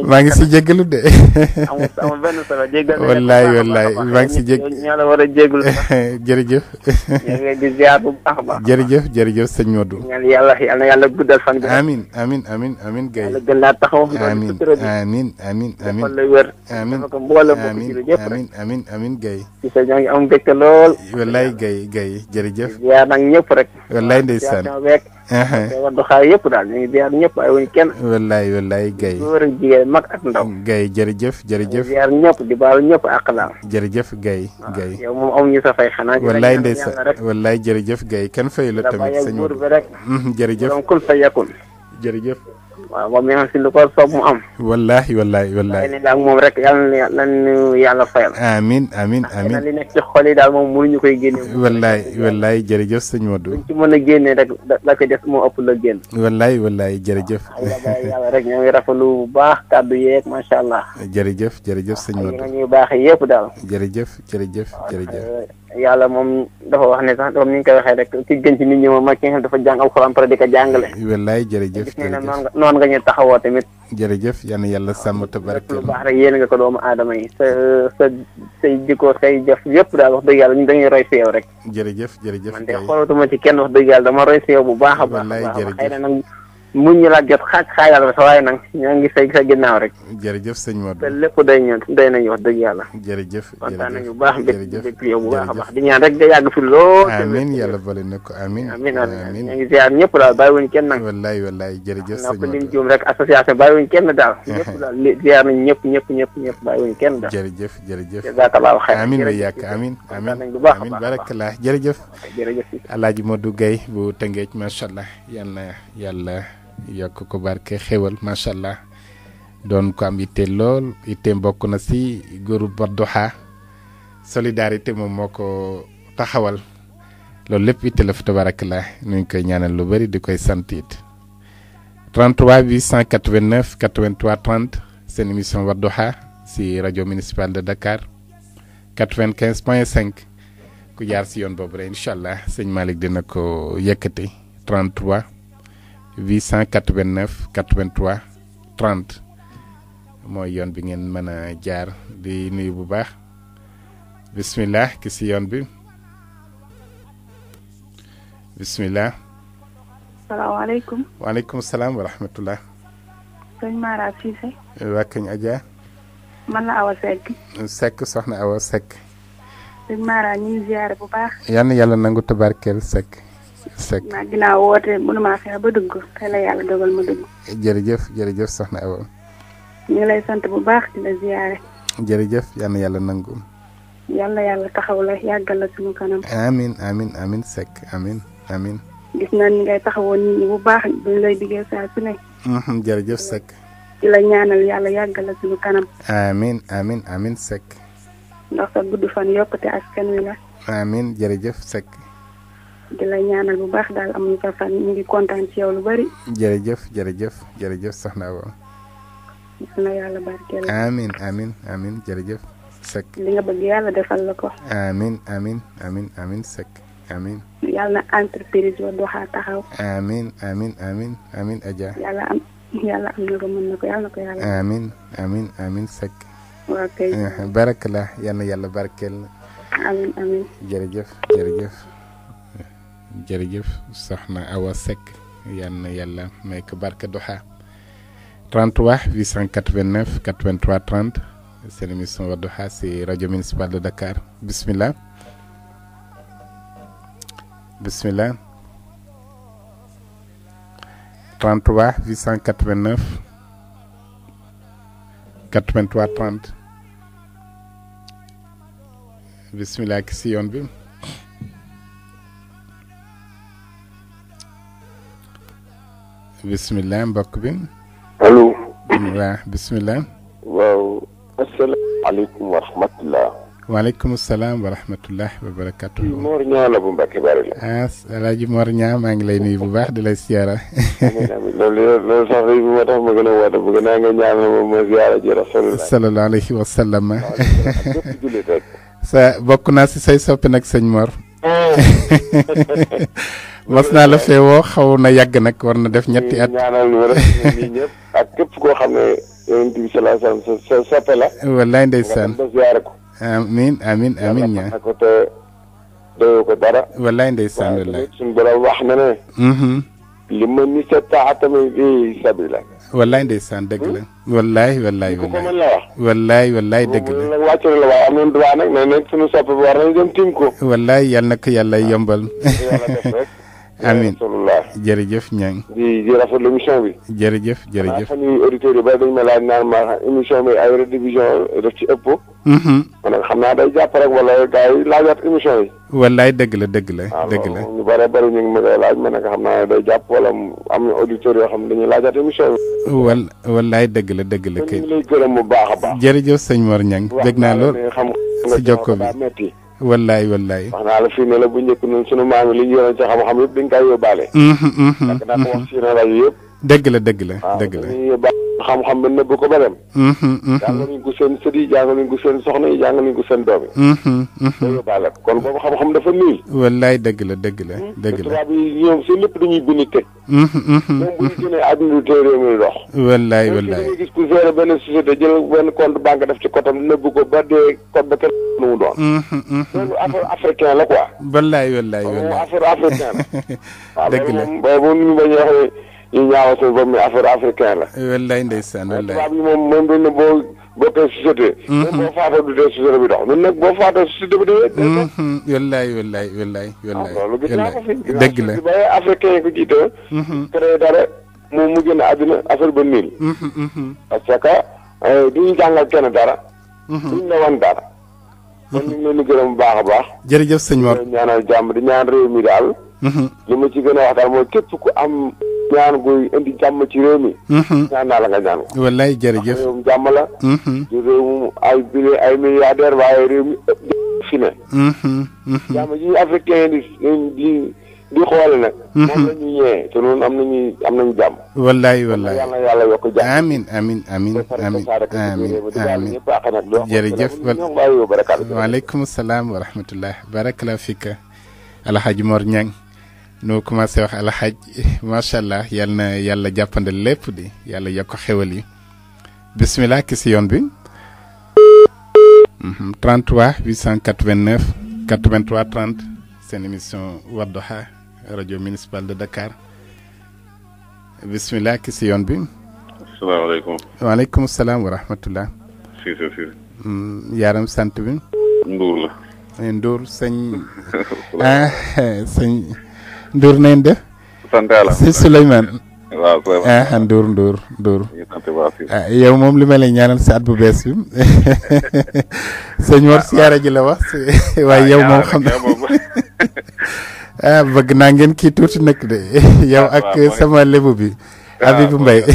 maa ngi si jéggalu de wallaay wallaay maa ngi si jég jërëjëf jërëjëf jërëjëf sëñ amin amin amin amin gay amin amin amin amin wala mbokk ci ñëpp rek amiin amiin amiin Gaye ci sa ñoo ngi am mbégte lool wallaay Gaye Gaye jërëjëf ziar nag ñëpp rek wallaay ndeysaan week wadduxaay uh-huh. yëpp daal ñu ngi ziar ñëpp ay wuñ kenn wallaay wallaay Gaye góor ak jigéen mag ñëpp di baal ñëpp àq daal jërëjëf Gaye Gaye yow moom am ñu sa fay xanaa wallaay ndeysaan wallaay jërëjëf Gaye kenn fayu la tamit sëñ bi mm-hmm, jërëjëf waaw moom mi nga xam si lu ko soob mu am. wallaahi wallaahi wallaahi. ne daal moom rek yal na ñu yàlla fayal. amiin amiin amiin li nekk ci xol yi daal moom mënuñu koy génne. wallaahi wallaahi jërëjëf sëñ Modou. luñ ci mën a génne rek la ko des moo ëpp la génn. wallaahi wallaahi jërëjëf. yàlla rek ñoo ngi rafetlu bu baax kàddu yeeg macha allah. jërëjëf jërëjëf sëñ Modou. ak ñuy baax yëpp daal. jërëjëf jërëjëf jërëjëf. yàlla moom dafa wax ne sax comme ni ñu rek ki gën ci nit ñi moom mooy ki dafa jàng alxuraan pare di ko jàngale. wallaay jërëjëf gis nañ noonu nga noonu nga ñu taxawoo tamit. jërëjëf yal na yàlla sàmm te barkeel baax rek yéen nga ko doomu aadama yi sa sa say jikko say jëf yëpp daal wax dëgg yàlla ñu dañuy roy si yow rek. jërëjëf jërëjëf man de xoolatuma ci kenn wax dëgg yàlla dama roy si yow bu baax a baax. wallaay jërëjëf xëy na nag mu ñu laa jot xaaj xaajal ba sa waaye nag ñoo ngi say sa ginnaaw rek. jërëjëf sëñ Modou. te lépp day ñëw day nañu wax dëgg yàlla. jërëjëf jërëjëf kontaan nañu bu baax. jërëjëf jërëjëf yow bu baax a baax di ñaan rek nga yàgg fi lool. amiin yàlla bale na ko amiin. amiin amiin ñu ngi ziar ñëpp daal bàyyiwuñ kenn nag. wallaay wallaay jërëjëf sëñ Modou naa ko lim juum rek association bàyyiwuñ kenn daal. ñëpp daal li ziar nañ ñëpp ñëpp ñëpp ñëpp bàyyiwuñ kenn daal. jërëjëf jërëjëf jazakallahu xayr amiin la yàkk jëf amiin amiin barakallah jërëjëf alaaji Modou Gaye bu Tëngéej macha allah yal na yàlla yokk ko barke xéwal macha allah doon ko am itte lool itte bokk na si groupe Wadduha solidarité moom moo ko taxawal loolu lépp itte la fa tabarakallah nu ñu koy ñaanal lu bëri di koy sant it. 33 889 83 seen émission Wadduha si rajo municipal de Dakar 95 point ku jaar si yoon boobu rek allah sëñ Malick dina ko yëkkati 33. 889 83 30 mooy yoon bi ngeen mën a jaar di nuyu bu baax bismillah ki si yoon bi bismillah. salaamaaleykum. waaleykum salaam wa rahmatullah. sëñ Mara Cissé. wàkkañ Adja. man la Awa Seck. Seck soxna Awa Seck. sëñ ñuy ziare bu baax. yal na yàlla nangu tabarkeel Seck. Seck maa ginnaaw woote mënumaa fexe ba dugg te la yàlla dogal ma dugg. jërëjëf jërëjëf soxna sant bu baax jërëjëf yal yàlla nangu. yàlla yàlla taxaw la yàggal la suñu kanam. amin amin amin Seck amin amin gis naa ni ngay bu baax duñ lay mhm, la ñaanal yàlla yàggal la suñu kanam. askan wi la. amin jërëjëf Seck. di la ñaanal jërëjëf jërëjëf jërëjëf soxna na yàlla barkeel. amiin amiin amiin jërëjëf. Seck na entreprise wa doxaa taxaw. amiin amiin amiin amiin Adja. yàlla am na ko mën na ko yàlla na ko eh, na yàlla barkeel. amiin amiin. jërëjëf. jërëjëf soxna Awa Seck yan yàlla may 33 889 83 30 l'émission Doha, c'est si rajo municipal de Dakar bismillah bismillah 33 889 83 30 bismillah ki si bisimilah mbokk bi. allo. waaw bisimilah. waaw asalaamaaleykum wa rahmatulah. waaleykum salaam wa rahmatulah wa barakatu. Mor Ñaa la bu Mbacke Bari la. ah El Hadj Mor Ñaa maa ngi lay nuyu bu baax di la siyaara. loolu loolu sax bi moo tax ma gën a woote bëgg naa nga ñaanal ma ma siyaara ji rasulullah. sallallahu alayhi wa sallam. sa bokk naa si say soppi nag sëñ Mor. mas naa la feewoo xaw na yàgg nag war na def ñetti at ñaanal wér ñëpp koo xam ne yonent bi sallallahu alayhi sa soppe la amin amin amin ñaa ko te doyoo ko dara wallaay ndeysaan mm-hmm. dëgg la waaye am nañu droit nag ne nag suñu sopp bi war nañu dem tim ko wallaay yàlla na ko yàlla yombal amiin jërëjëf Niang. di di rafetlu bi. jërëjëf jërëjëf xanaa fan auditeurs yi ba dañ ma laaj naan émission bi ay redivision daf ci ëpp. Mm-hmm. ma ne xam naa day jàpp rek wala gars yi laajaat émission yi. wallaay dëgg la dëgg la. dëgg la ñu bare bari ñu ngi ma laaj ma ne xam naa day jàpp wala am yoo xam ne dañuy laajaat émission bi. wal wallaay dëgg la dëgg la kay. ñu bu baax a baax. jërëjëf sëñ Mor Niang. dégg naa lool si jokko bi wallaay wallaay. wax naa la fii bu njëkk ñun sunu maam yi li ñu yoroon ci xam-xam yëpp dañ koy yóbbaale. Mm-hmm, mm-hmm, ndax la mm-hmm. dëgg la dëgg la xam-xam ba nëbb ko ba dem. Mm-hmm, mm-hmm. jàngal nañ ko seen sët yi jàngal ko seen soxna yi jàngal nañ ko seen doom yi. Mm-hmm, loolu baale kon boobu xam-xam dafa nuyu. wallaay dëgg la dëgg la hmm? dëgg la tubaab yi ñoom seen ñu gënee àdduna tey réew dox. wallaay wallaay gis ku gérer benn société jël benn compte banque def ci kotam nëbb ko ba dee code ba kenn lu mu doon. loolu affaire africain la dëgg la a ñu ñaaw seen mi africain la. wallaay ndeysaan wallaay tubaab moom moom dañ ne boo bokkee société. Mm-hmm. même boo faatoo du dee bi dox ñun nag boo faatoo société bi dee. Mm-hmm. wallaay wallaay wallaay wallaay. Ah, loolu gis naa ko fi dëgg la ba africain ko jiite. Mm-hmm. dara moom mu génn àddina affaire ba niil. parce que euh, duñu jàngal kenn dara. duñu la wan dara. kon ñu ngi leen bu baax a baax. jërëjëf sëñ Mor ñaanal jàmm di ñaan réew mi daal. li ma ci gën a wax daal mooy képp ku am ñaan guy indi jàmm ci réew mi mhm. ñaan naa la nga ñaan ko wallaay jërëjëf réew mu jàmm la mhm. du réew mu ay bile ay milliardaire waaye réew mi ëpp fi ne mhm. jàmm ji ñu africain di di di xoole nag moom la ñuy ñëwee te noonu am nañuy am nañu jàmm wallaay wallaay yàlla yàlla yokk jàmm amin amin amin amin amin amin jërëjëf waaleykum salaam wa rahmatullah baraka la fika alxaaji Mor Ñang noo commencé wax alxaj macha allah yal na yàlla jàppandal lépp di yàlla yokk xewal yi bismillah ki si yoon bi 33 889 83 30 seen émission Wadduha rajo municipal de Dakar bismillah ki si yoon bi. asalaamaaleykum. waaleykum salaam wa rahmatullah. si si si. yaaram sant bi. Ndour la. Ndour sëñ. ah sëñ. Ndour nañ def. si Souleymane. waaw ah Ndour Ndour Ndour. ah moom li ma lay ñaanal si bu bees bi sëñ Mor ah, siyaara ji la wax ah, waaye yow moom xam ah, bëgg naa ngeen kii tuuti de yow ak sama lebu bi. Habibou Mbaye mooy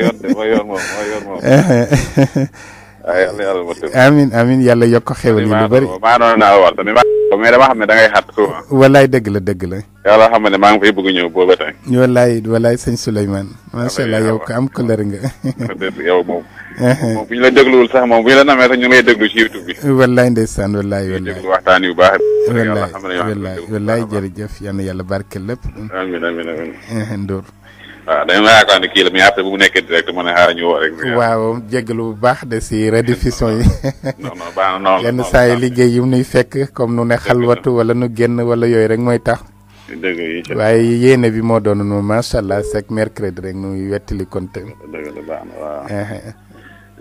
yoon de mooy yi lu bari. mais dama xam ne da ngay xat souvent. Ah. wallaay dëgg la dëgg la. yàlla xam ne maa ngi fay bëgg ñëw booba tey. wallaay wallaay sëñ Souleymane. Ah, macha allah yow ko am couleur nga. yow moom. moom la dégluwul sax moom bu ñu la namee sax ñu ngi lay déglu ci YouTube bi. wallaay ndeysaan wallaay wallaay. ñu déglu waxtaan yu baax. wallaay wallaay wallaay jërëjëf yal na yàlla barkeel lépp. amiin amiin amiin. waaw dañu kii la bu mu nekkee direct ma baax de si rediffusion yi. non saa yi liggéey yu nuy fekk comme nu ne xalwatu wala nu génn wala yooyu rek mooy tax. waaye yéene bi moo doon nu macha allah chaque mercredi rek nu wettali compte. dëgg la baax na waaw.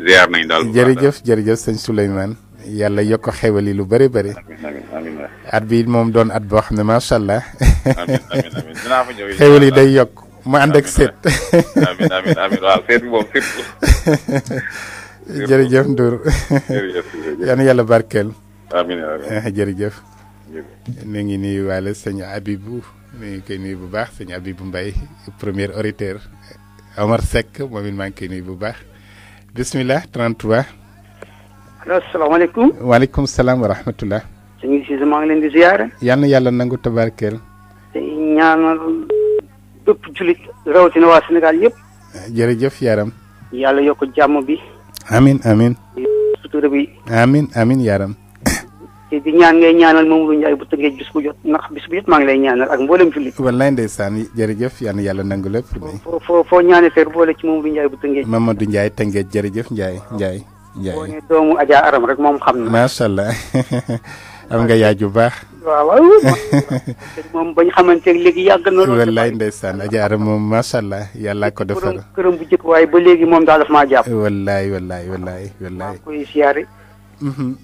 Eh, eh, eh. sëñ Souleymane. yàlla yokk xewal yi lu bëri bëri. at bi moom doon at boo xam ne macha allah. amiin amiin yi day yokk. mu ànd ak set amin amin. amin waaw set. bi moom seet jërëjëf Ndour Yani na yàlla barkeel amin. amiin eh, jërëjëf ni ngi ni wala sëñ Abibou ni ngi ni bu baax sëñ Abibou mbay premier orateur Omar sek. moom it maa ngi bu baax bismillah 33 allo salaamaaleykum waaleykum salaam wa rahmatullah sëñ si maa ngi leen di ziyaare yal na yàlla nangu tabarkeel ñaanal bépp jullit rawatina waa Sénégal yëpp. Eh, jërëjëf yaram. yàlla yokk jàmm bi. amin amin sutura bi. amin amin yaram. te di ñaan ngay ñaanal Mamadou Ndiaye bu tëggee bis bu jot ndax bis bu jot maa ngi lay ñaanal ak mboolem jullit. wallaay ndeysaan jërëjëf yal na yàlla nangu lépp. foo foo foo ñaane fer boole ci Mamadou Ndiaye bu tëggee. Mamadou Ndiaye tëggee jërëjëf Ndiaye Ndiaye. Ndiaye boo nee doomu Adja Aram rek moom xam na. macha allah am nga yaay ju baax. waaw waaw moom bañ xamante léegi yàgg na. wallaay ndeysaan ajaara moom macha allah yàlla ko defar. këram bu jëkk waaye ba léegi moom daal a maa jàpp. wallaay wallaay wallaay wallaay. maa koy siyaare. Mhm.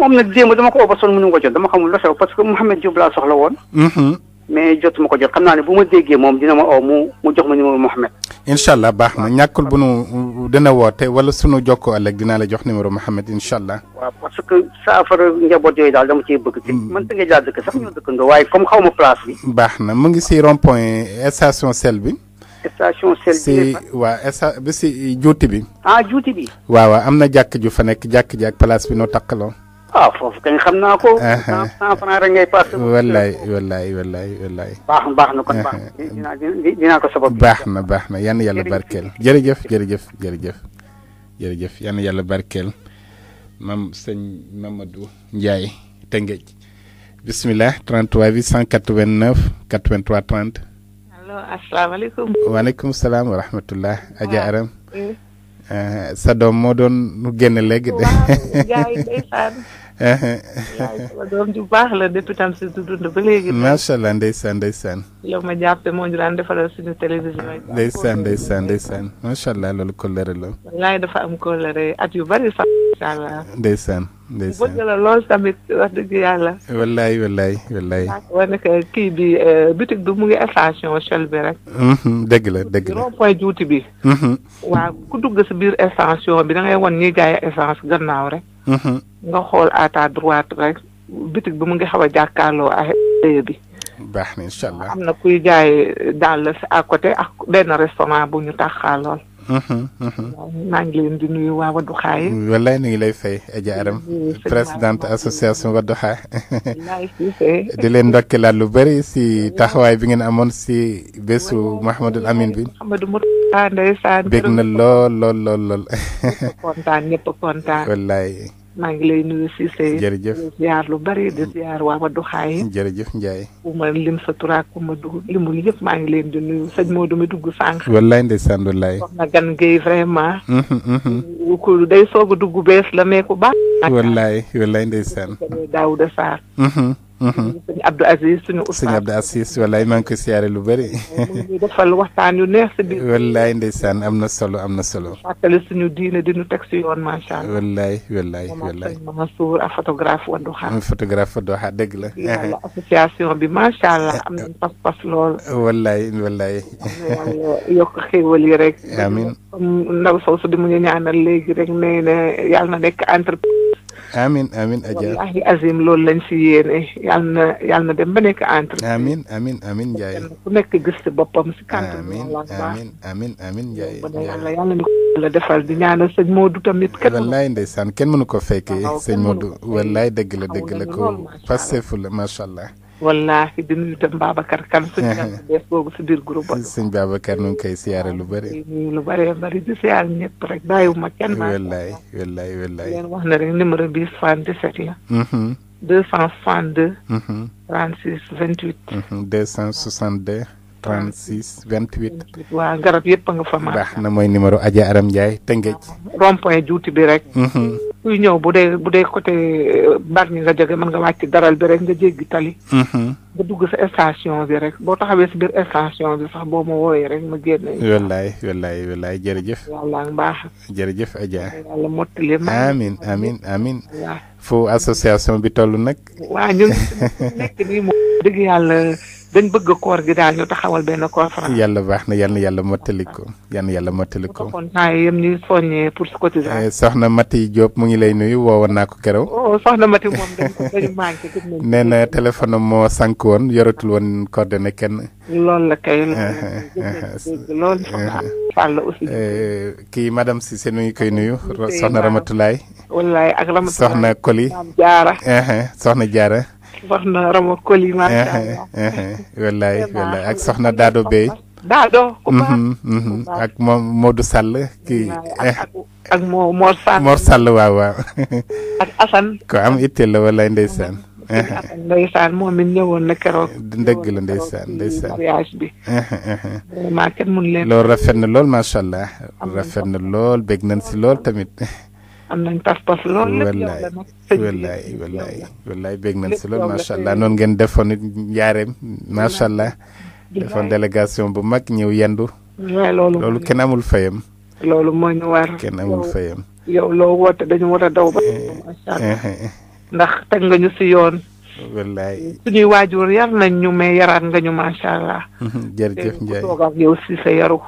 moom nag démb dama ko oo ba sonn mënu ma ko jot dama xamul lu parce que Mouhamed Diop laa soxla woon. Mhm. mais jotuma ko jot xam naa ne bu ma déggee moom dina ma oo mu jox ma numéro Mouhamed. incha allah baax na ñàkkul bu nu dina woote wala sunu jokkoo ëllëg dinaa la jox numéro Mouhamed incha allah. waaw parce que saafara njaboot yooyu daal dama cee bëgg. te man da nga jaa sax ñoo dëkkandoo waaye comme xaw ma bi. baax na mu ngi si rond point station sel bi. station sel bi waa sta bi bi. ah juuti bi. waaw am na jàkk ju fa nekk jàkk ji ak place bi noo takkaloo. ah foofu kañ xam naa ko. cent cent franc rek ngay passé. wallaay wallaay wallaay wallaay. baax na baax na kon baax na dinaa ko sabab. baax na baax na yan yàlla barkeel jërëjëf jërëjëf jërëjëf jërëjëf yan yàlla barkeel mam sëñ Mamadou Ndiaye Tëngéej bisimilah 33 889 83 30. allo asalaamaaleykum. waaleykum salaam wa rahmatullah. Adja Aram. sa doom moo doon génn léegi de. waaye sama baax la depuis tam si dund ba allah ndeysaan ndeysaan. yow ma jàpp te moo ñu daan defaral suñu télévision. ndeysaan ndeysaan ndeysaan macha allah loolu kóllëre la. wallaay dafa am kóllëre at yu bari sax macha allah. ndeysaan ndeysaan bëgg la lool tamit wax dëgg yàlla. wallaay wallaay wallaay. wane que kii bi euh, bitig bi mu ngi station Shell bi rek. Mhm, dëgg la dëgg la rond point juuti bi. Mhm. waaw ku dugg si biir station bi da ngay won ñiy jaay essence gannaaw rek. Mm-hmm. nga xool à ta droite rek bitig bi mu ngi xaw a jàkkaarloo ak dëye bi. baax na incha allah am na kuy jaay daal la si à côté ak benn restaurant bu ñu taxaaloon. maa ngi leen di ngi lay fay Adja Arame présidente association Wadduha. di leen ndokkilaat lu bari si taxawaay bi ngeen amoon si bésu Mouhamadul Amine bi. bég lool lool lool lool. maa ngi lay nuyu Cissé. jërëjëf lu bari di ziar waa Wadduha yi. jërëjëf Ndiaye. lim sa turaak ku ma dugg limul yëpp maa ngi leen di nuyu sëñ Modou mi dugg sànq. wallaay ndeysaan wallaay. wax na gan vraiment. Mhm, mhm. day soog a dugg bees la mais ku baax. wallaay wallaay daaw Daouda Sarr. Mhm. Mm-hmm. sëñ Abdou Aziz suñu oustaz sëñ Abdou wallaay maa ngi koy siyaare lu bëri. ñu waxtaan yu neex si biir. wallaay ndeysaan am na solo am na solo. fàttali suñu diine di nu teg si yoon macha allah. wallaay wallaay bi macha allah am nañu pas-pas lool. wallaay wallaay. yokk xéewal yi rek. amiin comme ndaw soosu di mu ñaanal léegi rek nee na na nekk entreprise. amin amin Adja azim loolu lañ si yéene yal na dem ba nekk entre amin amin amin Ndiaye ku nekk gis si boppam si amin amin amin amin Ndiaye yàlla yàlla ni defal di ñaanal sëñ tamit kenn wallaay ndeysaan kenn mënu ko fekkee sëñ Modou wallaay dëgg la dëgg la ko passé fu la macha allah wallahi bi nuyu tam Babacar kan suñu am bees boobu si biir groupe suñ Babacar nu kay koy siyaare lu bari lu bari bari di siyaar ñëpp rek bayu ma kenn maa wallahi wallahi wallaay leen wax na rek numéro bi 77 la 262 36 28 hmm 262 36 28 wa garab yëpp nga fa ma bax na moy numéro Adja Aram Ndiaye tëngëj rond point juuti bi rek hmm kuy ñëw bu dee bu dee côté euh, Bargny nga jóge mën nga wàcc daral bi rek nga jéggi tali. Mm-hmm. nga dugg sa station bi rek boo taxawee si biir station bi sax boo ma wooyee rek ma génn. wallaay wallaay wallaay jërëjëf. yàlla baax. jërëjëf Adja. yàlla mottali ma. amiin amiin amiin. fu association bi toll nag. waa ñun nekk nii moom dëgg yàlla. dañ bëgg koor gi daal ñu taxawal benn conférence. yàlla baax na yàlla yàlla mottali ko yàlla yàlla mottali ko. kon eh, soxna Mati Diop mu ngi lay nuyu woowoon naa ko keroog. oh, oh soxna Mati moom dañ ko dañu manqué. téléphone moo sànq woon yoratul woon coordonné kenn. loolu la kay. loolu eh, eh, Fall ngi koy nuyu. soxna Ramatulaay. soxna Koli. soxna Jaara. soxna Jaara. soxna Rama Koli. macha eh, allah eh, eh, wallaay wallaay ak soxna Dado Bey. Dado. ku baax mhm, mhm. Sall kii. ak Sall. Mor ko am itteel la wallaay ndeysaan. ndeysaan moom it ñëwoon na keroog. dëgg la ndeysaan ndeysaan mariage rafet na lool macha allah. rafet na lool bég nañ si lool tamit. am nañ pas-pas loolu lépp yow la nag wallaay wallaay wallaay bég nañ si loolu macha allah noonu ngeen defoon njaareem macha allah defoon délégation bu mag ñëw yendu loolu kenn amul fayam loolu moo ñu war kenn amul fayam yow loo woote dañu war a daw ba eh, eh, eh. ndax teg nga ñu si yoon wallaay suñuy waajur yar nañ ñu mais yaraat nga ñu macha allah jërëjëf Ndiaye toog ak si sa yaru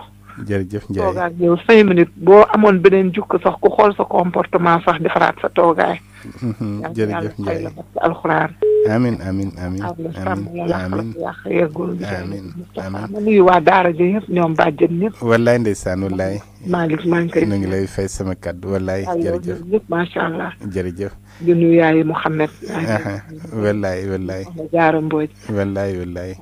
jërëjëf Ndiaye toogaay yow cinq boo amoon beneen jukk sax ku xool sa comportement sax defaraat sa toogaay. jërëjëf Ndiaye yàlla na alxuraan. amiin amiin amiin amiin amiin ma waa daara ji yëpp ñoom bàjjen ñëpp. wallaay ndeysaan wallaay. Malick maa ngi koy ñu ngi lay fay sama kàddu wallaay. jërëjëf macha allah jërëjëf. di nuyu yaayu Mouhamed. wallaay wallaay. jaara Mbodj. wallaay wallaay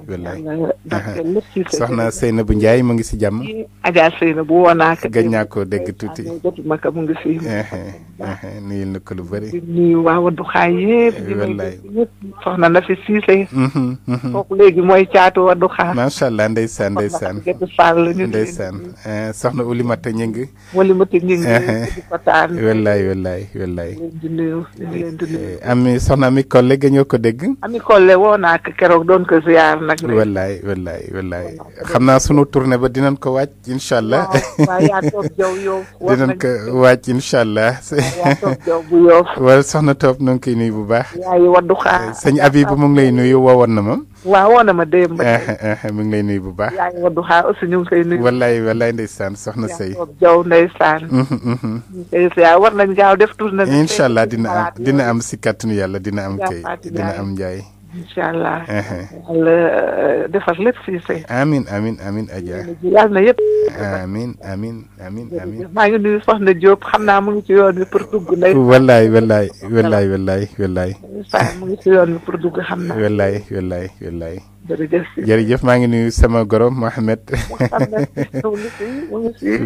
mu ngi si jàmm. Adja Seynabou woo naa ko. gëj naa ko dégg tuuti. jotuma ko mu ngi eh, eh, eh, na ko lu bëri. di waa Wadduxaay yëpp. soxna na fi Siise. Mm-hmm, mm-hmm. kooku léegi mooy caatu Wadduxaay. macha soxna Oulimata Ñing. Ñing. wallaay wallaay wallaay. Eh, eh, ami soxna ami Collé ga ko dégg. ami Collé woo doon ko ziar nag. wallaay xam naa sunu tournée ba dinan ko wàcc incha allah. dinañ ko wàcc incha allah. wala soxna Top ñoo nuyu bu baax. Eh, sëñ Habib mu ngi lay nuyu woowoon na ma. waaw woon na ma démb. Eh, eh, eh, mi ngi lay nuyu bu baax. yaa ngi Wadduha aussi ñu ngi koy nuyu. wallaay wallaay ndeysaan soxna Seye. jaw mm-hmm, mm-hmm. Mm-hmm. allah dina am dina am si kàttanu yàlla dina am kay dina am njaay. incha allah. Uh-huh. Uh, defar lépp Cissé. amiin amiin amiin Adja. na yëpp. amiin amiin amiin amiin. maa ngi nuyu Soxna Diop xam naa mu ngi ci jërëjëf jërëjëf maa ngi nuyu sama goro Mohamed. Mohamed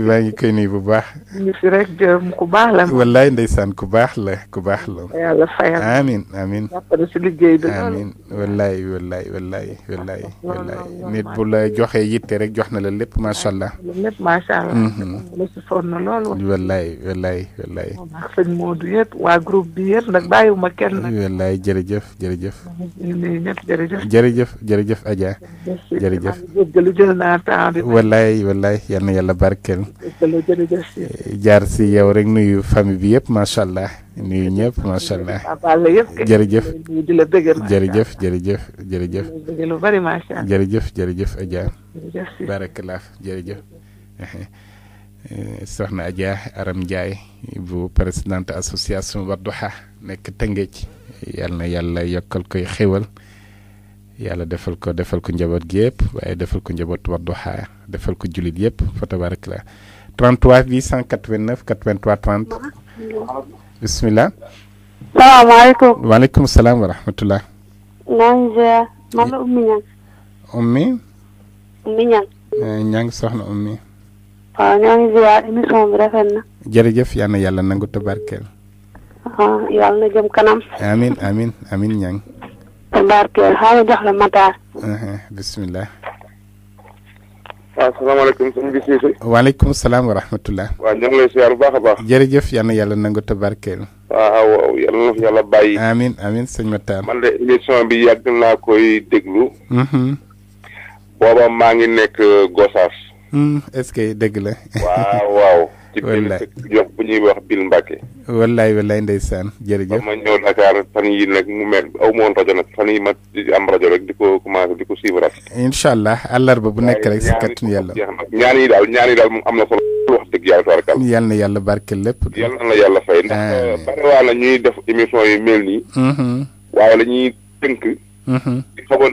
maa ngi koy nuyu bu baax. ñu si rek jëm ku baax la. wallaay ndeysaan ku baax la ku baax la. yàlla fayal amiin amiin. jàppale si liggéey bi amiin wallaay wallaay wallaay wallaay wallaay nit bu la joxee yitte rek jox na la lépp macha allah. lépp macha allah. la si sonn lool. wallaay wallaay wallaay. sëñ Modou yëpp waa groupe bi yëpp nag bàyyiwuma kenn nag. wallaay jërëjëf jërëjëf. ñu nuyu ñëpp jërëjëf. jërëjëf jërëjëf. jëf Adja jërëjëf wallaay wallaay yal yàlla barkeel eh, jaar si yow rek nuyu bi yëpp macha allah nuyu ñëpp macha allah jërëjëf jërëjëf jërëjëf jërëjëf jërëjëf jërëjëf Adja barakalaa soxna Adja Aram Ndiaye bu présidente association Wadduha nekk Tëngéej yal na yàlla yokkal koy xéwal yàlla defal ko defal ko njaboot gi yëpp waaye defal ko njaboot wadduha defal ko julit yëpp fa tabarak la 33 889 83 30 bismillah salaamaaleykum waaleykum salaam wa rahmatullah maa ngi ziar man la ummi ñang ummi ummi ñang eh, ñang soxna ummi waaw ñoo ngi ziar émission bi rafet na jërëjëf yàlla na yàlla nangu tabarkeel ah, yàlla na jëm kanam amin amin amin ñang te barkeel xaaral jox la Matar. bisimilah. waaw salaamaaleykum sëñ bi Cissé. waaleykum salaam wa rahmatullah. waaw baax a baax. jërëjëf yal na yàlla nangu te waaw ah, waaw yal na yàlla bàyyi. amiin amiin sëñ Matar. man de émission bi yàgg naa koy déglu. Mhm. booba maa ngi nekk Gossas. Mhm, est-ce que la. waaw. ci benn jox bu ñuy wax Bill Mbacke. wallaay wallaay ndeysaan jërëjëf. ma ñëw Dakar fan yii nag mu mel aw ma woon rajo nag fan yii ma am rajo rek di ko commencé di ko suivre. incha allah àllarba bu nekk rek si kàttanu yàlla. ñaan yi daal ñaan yi daal moom am na solo wax dëgg yàlla tabarkal. yàlla na yàlla barkeel lépp. yàlla na yàlla fay. ndax euh, bari waa la ñuy def émission yu mel nii. Mm-hmm. waaye la tënk. Mm-hmm. di xaw a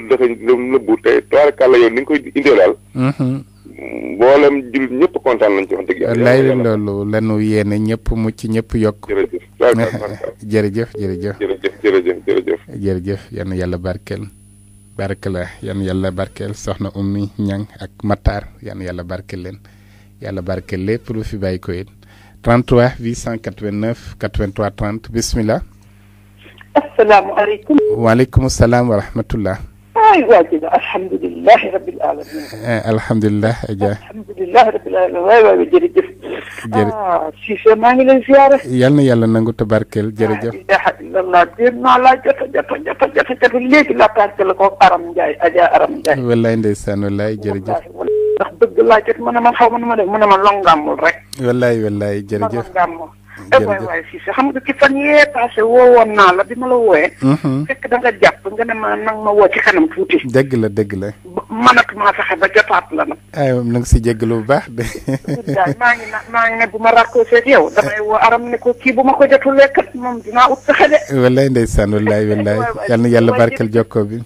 nëbbu te tabarkal la yow ni koy indee daal. Mm-hmm. lain lalu ñëpp kontaan nañ ci wax dëgg yàlla lay loolu lanu yéene ñëpp mucc ñëpp yokk jërëjëf jerejef jerejef jerejef jerejef jerejef yan yàlla barkel barkela yan yàlla barkel soxna ummi ñang ak matar yan yàlla barkel leen yàlla barkel lépp lu fi bàyyi ko yéen 33 889 83 30 bismillah asalaamaaleykum waaleykum salaam wa rahmatullah waay waay jërëjëf alhamdulilah rabil alamin. alamin waay waay waay jërëjëf. jërëjëf ah maa ngi lay ziare. yal na yàlla nangu tabarkeel jërëjëf. alhamdulilah jéem naa laa jot a jot jot jot jot a léegi laa tànkale ko Aram Ndiaye Adja Aram Ndiaye. wallaay ndeysaan wallaay jërëjëf. ndax dëgg laa jot mu Eh, jërëjëf waay waay Cissé xam nga ci fan yee passé woowoon naa la bi ma la wooyee. Mhm. fekk da jàpp nga ne ma nag ma woo ci kanam tuuti. dëgg la dëgg la. manatuma fexe ba jotaat la nag. aywa eh, na nga si jégalu bu baax de. maa ngi naan maa ngi ne bu ma raccroché ak damay woo aram ne ko kii bu ma ko jotul lekkat moom dinaa ut fexe de. wallaay ndeysaan wallaay wallaay yal yàlla barkeel jokkoo bi.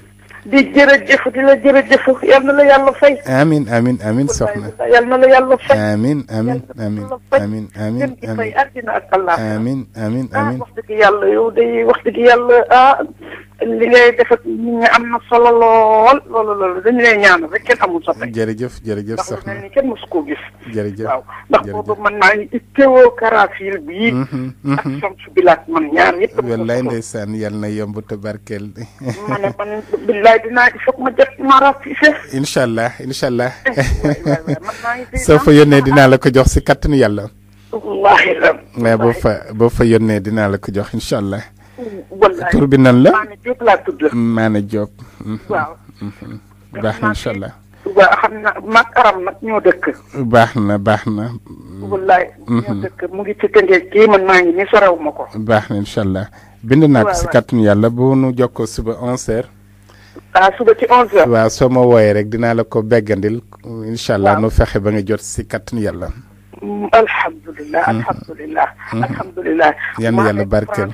di jërëjëf di la jërëjëf yal na la yàlla fay. amiin amiin amiin soxna yal na la yàlla fay. amiin amiin amiin amiin amiin amiin amiin amiin amiin wax dëgg yàlla yow day wax dëgg yàlla ah. li ngay def ak am na solo lool loolu loolu dañu lay ñaanal rek kenn amul soppe. jërëjëf jërëjëf sax na ndax ni kenn mosu koo gis. jërëjëf waaw ndax boobu man maa ngi teewoo karafil bii. Mhm, mhm. ak Samsu Bilaat man ñaar yëpp. wallaay ndeysaan yal na yomb te barkeel. dinaa il faut ma jot maraafise. incha allah incha allah. Eh, soo fa yónnee dinaa la ko jox si kattanu yàlla. wallaahi la. mais boo fa boo fa yónnee dinaa la ko jox incha allah. wallaay la maanaam Diop laa tudd. maanaam mhm. mhm. baax na incha baax na baax na. wallaay. Mhm. bind naa ko si kàttanu yàlla bu nu jokkoo suba 11h. ah soo ma wooyee rek dinaa la ko beggandil. incha nu fexe ba nga jot si kàttanu yàlla. Mm, alhamdulilah yàlla barkeel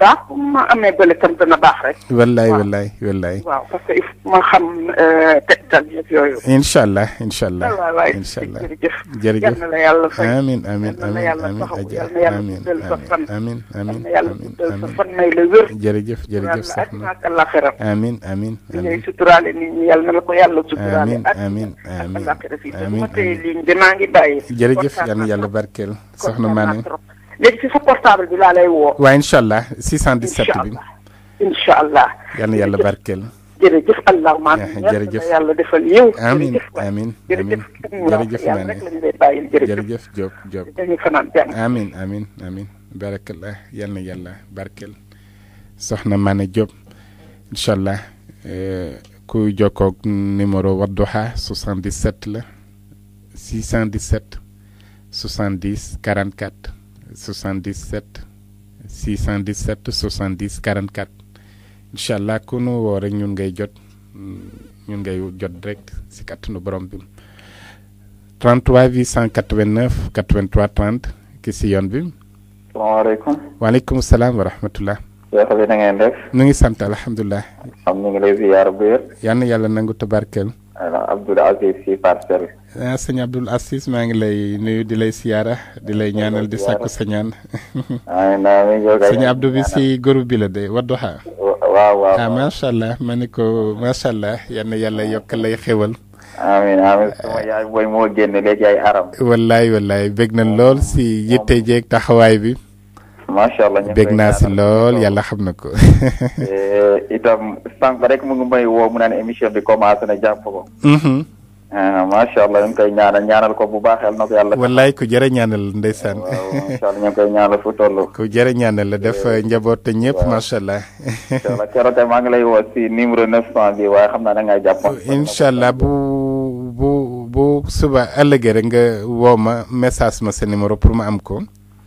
baax bu ma amee bële tam dana baax rek. wallaay wallaay wallaay. waaw allah incha allah incha allah jërëjëf. jërëjëf yal na la léegi ci sa portable bi laa bi incha allah yal na yàlla barkeel. jërëjëf allahumma amiin jërëjëf yàlla defal yiw. amiin amiin amiin jërëjëf naa ne jërëjëf Diop na yàlla barkeel. soxna Mané Diop incha allah eh, ku jokkoog numéro Wadduha 77 la 617 70 44. 77 617 70 44 incha allah ku nu woo ñun ngay jot ñun ngay jot rek si kàttanu borom bi 33 889 83 30 ki si yoon bi. salaamaaleykum. waaleykum salaam wa rahmatullah. Cheikh bi na ngeen def. ñu ngi sant alhamdulilah. am ñu ngi lay yàlla nangu tabarkeel. alors Aziz si parcelle. Ah, sëñ Abdul Aziz maa ngi lay nuyu di lay siyaara di lay ñaanal di sàkku sa ñaan. sëñ Abdou bi si groupe bi la de Wadduha. waaw waaw ah macha allah ma ko macha allah yal na yokkal yokk lay xéwal. amiin amiin sama ah. moo génn léegi ay aram. wallaay bég na lool si yitte jeeg taxawaay bi. macha bég naa si lool yàlla xam na ko. Eh, itam sànq rek mu woo mu naan émission bi commencé jàpp ko. Mm-hmm. Ah, macha allah ñu ngi koy ñaanal ñaanal ko bu baaxeel yal na ko yàlla. wallaay ku jërë ñaanal ndeysaan. waaw macha allah ñu ngi koy la def njaboot te ñëpp macha allah. macha allah maa ngi lay woo si numéro 900 waaye xam naa da ngay jàpp. allah bu bu suba ëllëgee rek nga woo ma message ma se numéro pour ma am ko.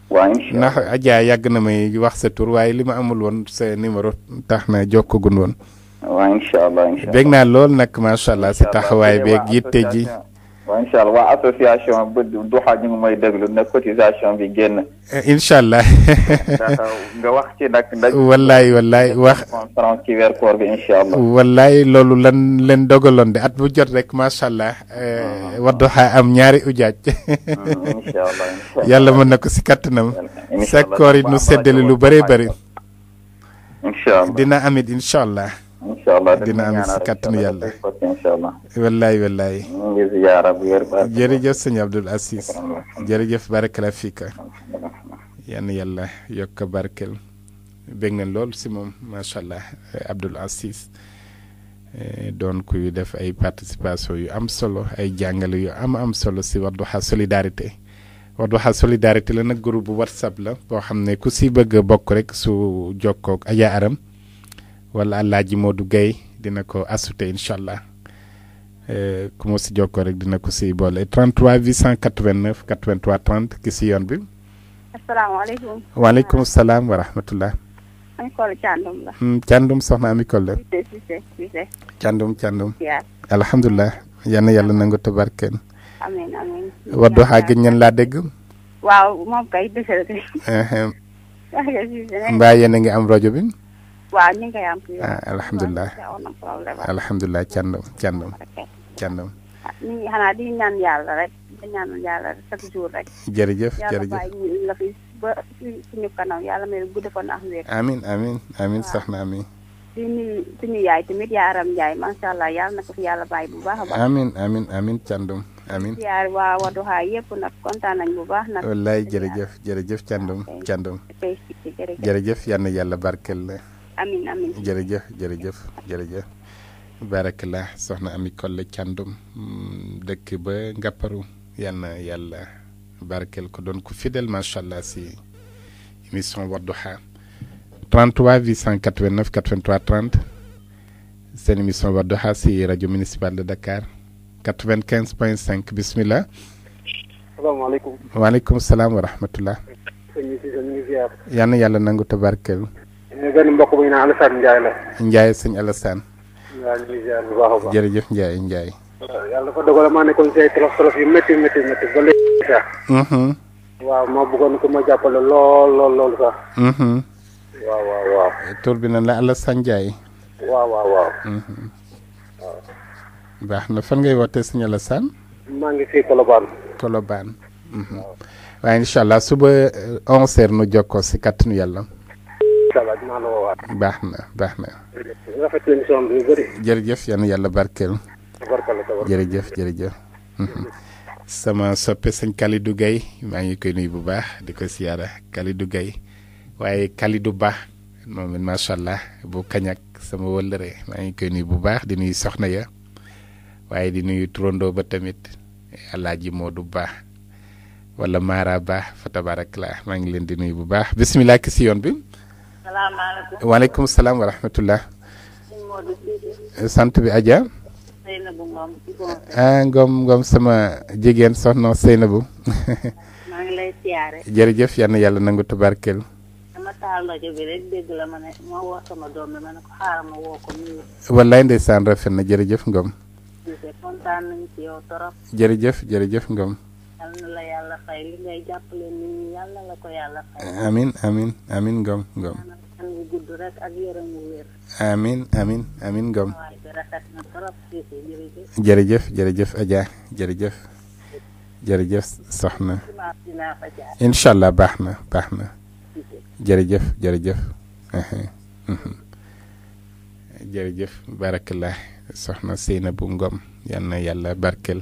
waaw ndax Adja yàgg na may wax sa tuur waaye li ma amul woon sa numéro tax na jokkagun woon. waaw incha naa lool nag macha allah si taxawaay beeg yitte ji. waaw incha allah waa association bi génn. Eh, incha allah. nga wax ci nag. bi incha allah. wallaay loolu lan leen dogaloon de at bu jot rek macha allah. Eh, Wadduha am ñaari ujaaj. Mm, yàlla mën na ko si kattanam. incha allah sa koor yi nu seddale lu bëree bëri. dina amit incha allah. incha dina am si kàttanu yàlla incha allah. wallaay wallaay. jërëjëf sëñ Abdul Aziz. jërëjëf barakala fiika. yan yàlla yokk barkel. bég na lool si moom macha allah Abdul Aziz. Eh, doon kuy def ay participation yu am solo ay jàngale yu am am solo si war Wadduha solidarité Wadduha solidarité la nag groupe bu whatsapp la boo xam ne ku si bëgg a bokk rek su jokkoog Adja Aram. wala Alaaji Modou Guèye dina ko assuté incha allah euh, ku ma si jokkoo rek dina ko siy boole 33 889 83 30 ki si yoon bi. asalaamaaleykum. waaleykum salaam wa rahmatullah. Amicole Thiandoum la. Hmm, Thiandoum soxna Amicole la. Thiandoum Thiandoum. alhamdulilah. yal na yàlla nangu tabarkeen. amiin amiin. Wadduha gëj ngeen laa dégg. waaw mbaa yéen a ngi am rajo bi. waaw ñu ah, ah, ngi koy am. alhamdulilah alhamdulilah càndam càndam càndam. ñu di ñaan yàlla rek di ñaan yàlla chaque jour rek. gudd fan ak wér. amiin amiin amiin sax na amiin. di nuyu yaay tamit yaa Aram Ndiaye macha allah yàlla na fi yàlla bàyyi bu baax baax. amiin amiin amiin càndam waa Wadduha yëpp nag kontaan nañ bu baax nag. wallaay jërëjëf jërëjëf càndam càndam. jërëjëf yàlla na yàlla barkeel amin amin jërëjëf jërëjëf jërëjëf barakallah soxna Ami Collé Thiandoum dëkk ba ngàpparu yal na yàlla barkeel ko doon ko fidèle macha allah si émission Wadduha 33 889 83 30 seen émission Wadduha si rajo municipal de Dakar 95 point 5 bismillah. salaamaaleykum. waaleykum salam wa rahmatullah. yal na yàlla nangu tabarkeel. benn mbokk bu ñu naan Alassane Ndiaye la. Ndiaye sëñ Alassane. waaw ñu ngi bu baax a baax. jërëjëf Ndiaye Ndiaye. yàlla dogal maa nekkoon si ay trop trop yu métti métti métti ba léegi sax. Mm-hmm. waaw ma bëggoon ku ma jàppale lool lool lool sax. Mm-hmm. waaw waaw waaw. tur bi nan la Alassane Ndiaye. waaw waaw waaw. Mm-hmm. baax na fan ngay Alassane. ngi Colobane. Colobane. waaye suba 11 euh, taala dina la wowaat baax na baax na rafet émission bi bëri jërëjëf yàlla yàlla barkeel barkeel jërëjëf jërëjëf sama soppe sëñ Kalidou Gaye maa ngi koy nuyu bu baax di ko siyaara Kalidou Gaye waaye Kalidou Ba moom it bu kañak sama wëllëre maa ngi koy nuyu bu baax di nuyu soxna ya waaye di nuyu turandoo ba tamit alaaji Modou Ba wala Mara Ba fa tabarak la maa ngi leen di nuyu bu baax bisimilah ki si yoon bi salaamaaleykum. waaleykum salaam wa sant bi aja Seynabou ah, Ngom. sama jigéen soxna Seynabou. maa ngi lay siyaare. jërëjëf yal yàlla nangu tubarkel dama taal rajo bi rek dégg na jërëjëf Ngom. kontaan nañu ci amin amin amin gom gom an amin amin amin ngom. waaw rafet na trop jërëjëf. jërëjëf jërëjëf Adja jërëjëf. jërëjëf soxna. incha allah baax na baax na. jërëjëf jërëjëf. jërëjëf barakallah soxna Seyna bu Ngom yal yàlla barkel.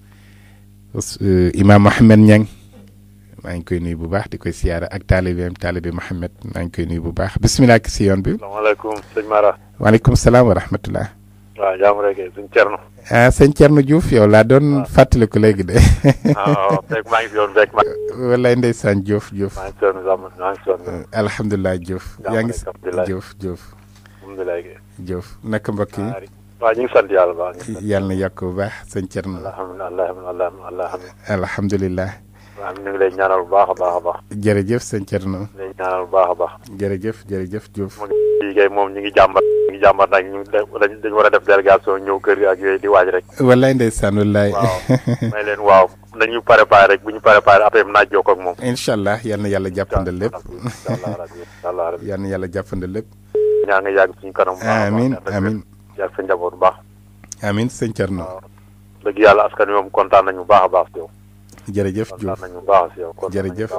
Euh, imaam Mohamed Niang maa ngi koy nuyu bu baax di koy siyaara ak taalibeem taalibe Mohamed maa ngi koy nuyu bu baax bisimilah ki si yoon bi. salaamaaleykum sëñ Mara. waaleykum salaam wa rahmatulah. waaw jaamu ah, yow laa doon fàttaliku léegi de. Ah, waaw fekk maa ngi fi yoon fekk maa. walaay ndeysaan waaw ñu ngi sant yàlla baax. yàlla na yokk bu baax sëñ Thierno. alhamdulilah alhamdulilah. waaw ñu ngi lay ñaanal bu baax a baax a baax. jërëjëf sëñ Thierno. ñu ngi lay ñaanal bu baax a baax. jërëjëf jërëjëf Diouf. kii kay moom ñu ngi jàmbat ñu ngi jàmbat nag ñu war a def délégation ñëw kër yi ak yooyu di waaj rek. wallaay ndeysaan wallaay. waaw may leen waaw nañu préparé rek bu ñu préparé après naaj jokkoo ak moom. incha allah yal yàlla jàppandal lépp. incha allah yal yàlla jàppandal lépp. ñaa ngi yàgg suñu kanam. amiin amiin ak sa njaboot bu baax. amiin sëñ Thierno. dëgg yàlla askan wi moom kontaan nañu bu baax a baax si yow. jërëjëf Diouf kontaan nañu bu baax si yow. jërëjëf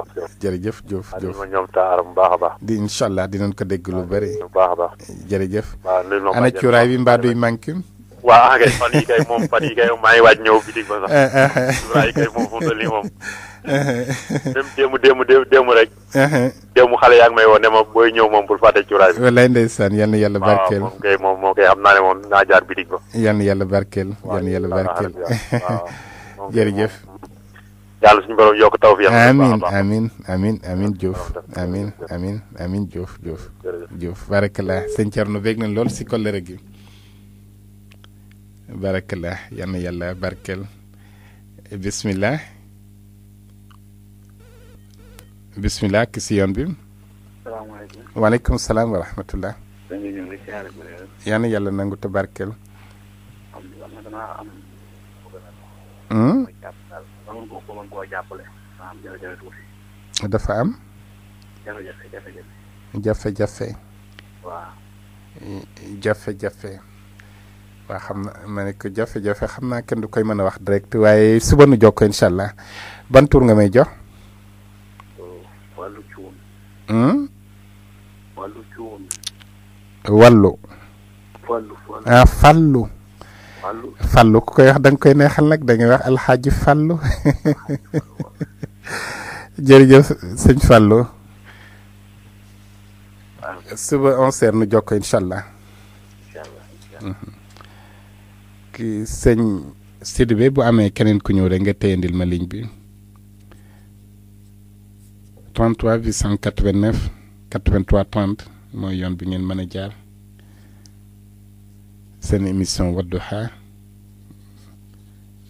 jërëjëf Diouf Diouf ma ñoom taaram bu baax a baax. di incha allah dinañ ko dégg lu bëri. bu baax a baax jërëjëf. ana cuuraay bi mbaa duy manqué. waaw ah kay fan yi kay moom fan yi kay moom maa ngi waaj ñëw bitig ba sax. waaye kay moom fu mu toll nii moom. même démb démb démb rek. démb xale yaa may woo ne booy ñëw moom bul fàtte cuuraay bi. walaay ndeysaan yal na yàlla ah, ne ba. yal na yàlla barkeel. yal na yàlla barkeel waaw jërëjëf. yàlla suñu borom yokk taw fi. amiin amiin amiin amiin Diouf amiin amiin amiin Diouf Diouf. jërëjëf lool si kolere gi. barakallah yal na yàlla barkel bismillah bismillah ki bi. salaamaaleykum salaam wa rahmatullah. yal na yàlla nangu te barkel. Hmm? dafa am. jafe-jafe. jafe jafe-jafe. wa xamna na ma ne ko jafé jafe xam naa du koy mën wax direct waaye suba nu jokk inshallah allah ban tour nga may jox. Oh, wàllu walu walu cuun. Hmm? walu walu ah fallu. fallu ku koy wax dang koy neexal nak dang wax al alxaaji fallu jeuf señ fallu. Ah. suba on seer nu jokko inshallah allah. incha mhm. C'est le bu américain qui a été rek nga 33 889 83 30 je suis bi manager. C'est une jaar émission Wadduha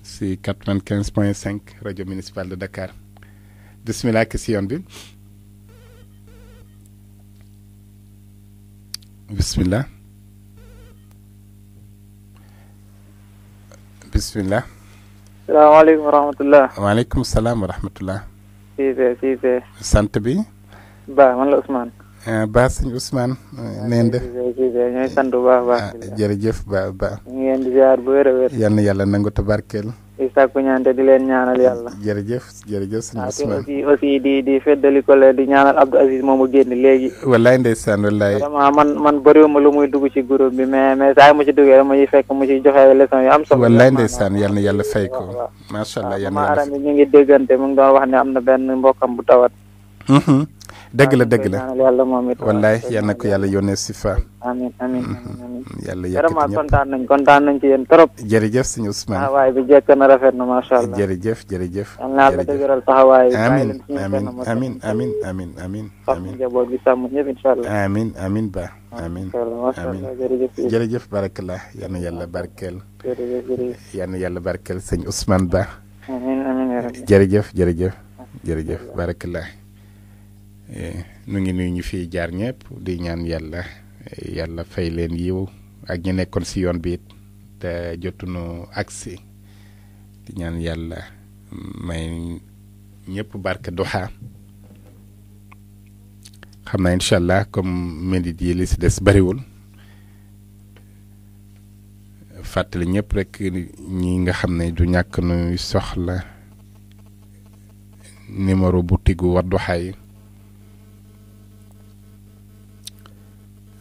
c'est 95.5 radio municipale municipal de Dakar Bismillah ki si yoon bi là. bisimilah. salaamaaleykum wa rahmatulah. waaleykum salaam wa sant bi. Ba man la Ousmane. Eh, ba sëñ Ousmane. Eh, neen def ñooy sant bu baax a baax. Ah, jërëjëf Ba Ba. na yàlla nangu tabarkeel. di sàkku ñaante di leen ñaanal yàlla. jërëjëf jërëjëf sëñ ah, Ousmane aussi aussi di di feddali ko leen di ñaanal Abdou Aziz moomu génn léegi. wallaay ndeysaan wallaay. vraiment man man bëriwuma lu muy dugg ci groupe bi mais mais saa mu ci duggee rek mu ciy fekk mu ciy joxe leçon yu am solo. wallaay ndeysaan yal na yàlla fay ko. macha allah ah, yal na ko ñu ngi déggante mu ngi doon wax am na benn mbokkam bu tawat. Mhm. dëgg la dëgg la wallaay yal na ko yàlla yónnee si fa amiin amiin amiin yàlla yëkkati ñëpp vraiment kontaan nañ kontaan nañ ci yéen trop jërëjëf suñu Ousmane taxawaay bi jekk na rafet na macha allah jërëjëf jërëjëf yal na yàlla dëgëral taxawaay amiin amiin amiin amiin amiin amiin amiin njaboot bi sàmm ñëpp incha allah amiin amiin ba amiin amiin jërëjëf barakallah yal na yàlla barkeel yal na yàlla barkeel sëñ Ousmane Ba amiin amiin jërëjëf jërëjëf jërëjëf barakallah Eh, nu ngi nuyu ñu fi jaar ñëpp di ñaan yàlla yàlla fay leen yiw ak ñi nekkoon si yoon bi te jotunu aksi di ñaan yàlla may ñëpp barke duha xam naa incha allah comme médit yi li si des bariwul fàttali ñëpp rek ñi nga xam ne du ñàkk nuy soxla numéro boutique wadduha yi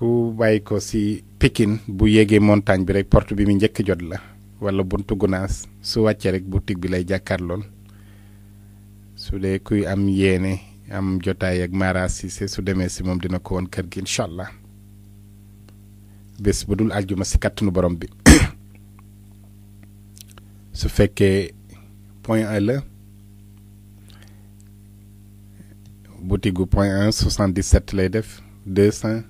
ku bàyyi ko si pikin bu yéegee montagne bi rek porte bi mi jot la wala buntu gunas, su wacce rek boutique bi lay lol su de kuy am yene am jotay ak marasi Cissé su demee si mom dina ko won kër gi inshallah bes budul aljuma si katnu borom bi su fekke point 1 la boutique point 1 77 lay def 200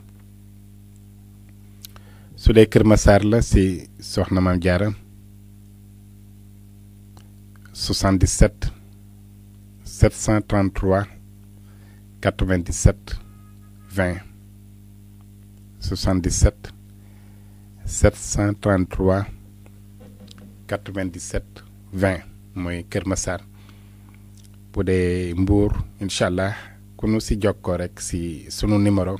Sur les Kermassar, Massar la si Soxna 77 733 97 20 77 733 97 20 moy Kër Pour bu Mbour Inch'Allah, nous ku si sur rek numéro.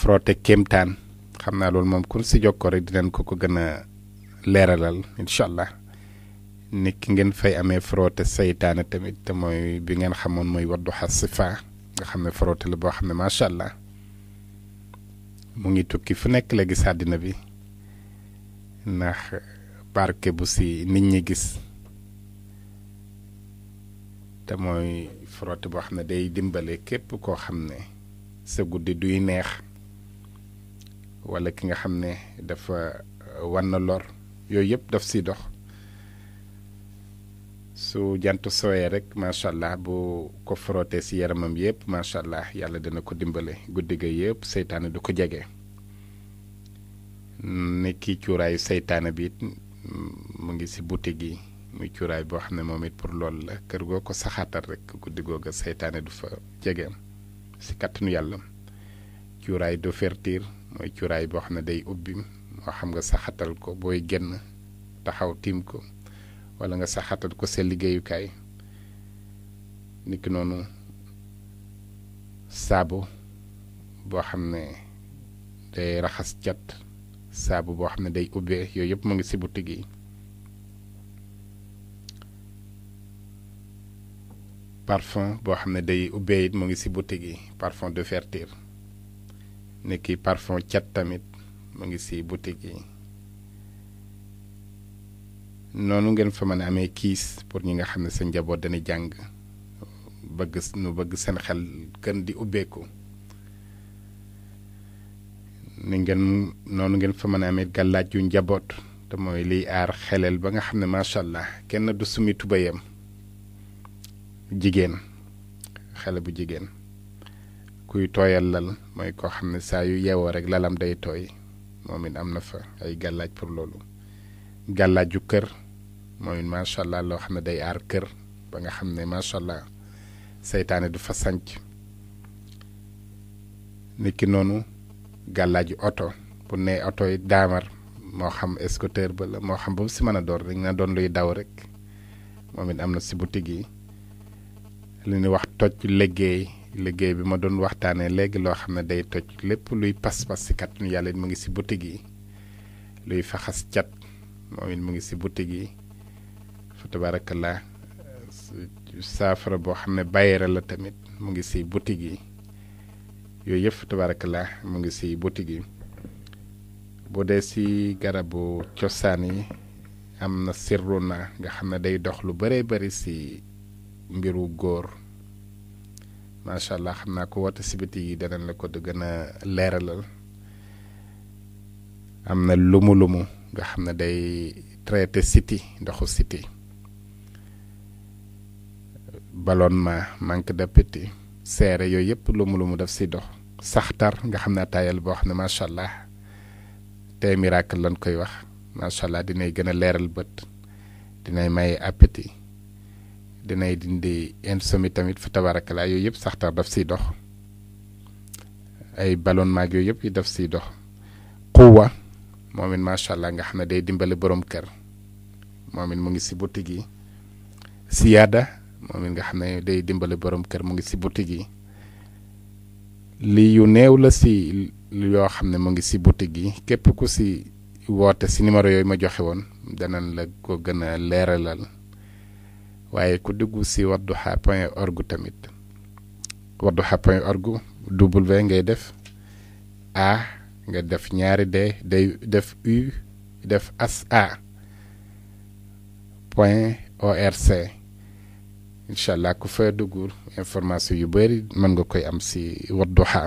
frotté kéemtaan xam naa loolu moom kun si ko rek dinañ ko ko gën a leeralal incha allah ni ki ngeen fay amee frotté seytaane tamit te mooy bi ngeen xamoon mooy Wadduha Sifaa nga xam ne frotté la boo xam ne macha allah mu ngi tukki fu nekk la si àddina bi ndax barke bu si nit ñi gis te mooy frotté boo xam ne day dimbale képp koo xam ne sa guddi duy neex. wala ki nga xam ne dafa euh, war na lor yooyu yëpp daf si dox su jant sooyee rek macha allah bu ko frottee si yaramam yëpp macha allah yàlla dina ko dimbale guddi ga yëpp seytaane du ko jege ne kii cuuraayu seytaane bi it mm, mu ngi si boutique gi muy cuuraay boo xam ne moom it pour loolu la kër goo ko saxaatal rek guddi googa seytaane du fa jege si kàttanu yàlla cuuraay du fertiir mooy cuuraay boo xam ne day ubbi moo xam nga saxatal ko booy génn taxaw tiim ko walla nga saxatal ko sa liggéeyukaay niki noonu saabu boo xam ne day raxas cat saabu boo xam ne day ubbee yooyu yëpp mu ngi si boutique yi parfum boo xam ne day ubbee it mu ngi si boutique yi parfum de vertir ni ki parfum cat tamit mu ngi si boutique yi noonu ngeen fa mën a amee kiis pour ñi nga xam ne sa njaboot dana jàng bëgg nu bëgg seen xel gën di ubbeeku ni ngeen noonu ngeen fa mën a amee gàllaaj yu njaboot te mooy liy aar xelel ba nga xam ne macha allah kenn du sumi tubayam jigéen xale bu jigéen kuy tooyal lal mooy koo xam ne saa yu yeewoo rek lalam day tooy moom it am na fa ay gàllaaj pour loolu gàllaaju kër moom it macha allah loo xam ne day aar kër ba nga xam ne macha allah seytaane du fa sanc niki noonu gàllaaju oto bu ne oto yi daamar moo xam scooter ba la moo xam ba si mën a door dañ na doon luy daw rek moom it am na si boutique yi li ñuy wax toj liggéey liggéey bi ma doon waxtaanee léegi loo xam ne day toj lépp luy pas-pas si kàttanu yàlla it mu ngi si boutique yi luy faxas cat moom it mu ngi si boutique yi fa tabarakallah saafara boo xam ne bàyyere la tamit mu ngi si boutique yi yooyu yëpp fa mu ngi si boutique yi bu dee si garabu cosaan yi am na sirru na nga xam ne day dox lu bëree bëri si mbiru góor macha allah xam naa ko woote sibiti yi danañ na ko di gën a leeralal am na lumu lumu nga xam ne day traité siti ndoxu siti ballonnement manque d'appétit seere yooyu yëpp lumu lumu daf si dox saxtar nga xam ne taayal boo xam ne macha allah tey miracle lañ koy wax macha allah dinay gën a leeral bët dinay may appétit dinay dindi insomnie tamit fa tabaarakala yooyu yëpp saxtar daf siy dox ay ballonnement yooyu yëpp daf siy dox xuwa moom it macha allah nga xam ne day dimbale borom kër moom it mu ngi si boutique yi siyaada moom it nga xam ne day dimbale borom kër mu ngi si boutique yi li yu néew la si yoo xam ne mu ngi si boutique yi képp ku si woote si numéro yooyu ma joxe woon danañ la ko gën a leeralal. waaye ko dugg si wadduha point org tamit wadduha point org w ngay def a nga def ñaari d day def u def as a point org incha allah ku fa dugg information yu bëri mën nga koy am si wadduha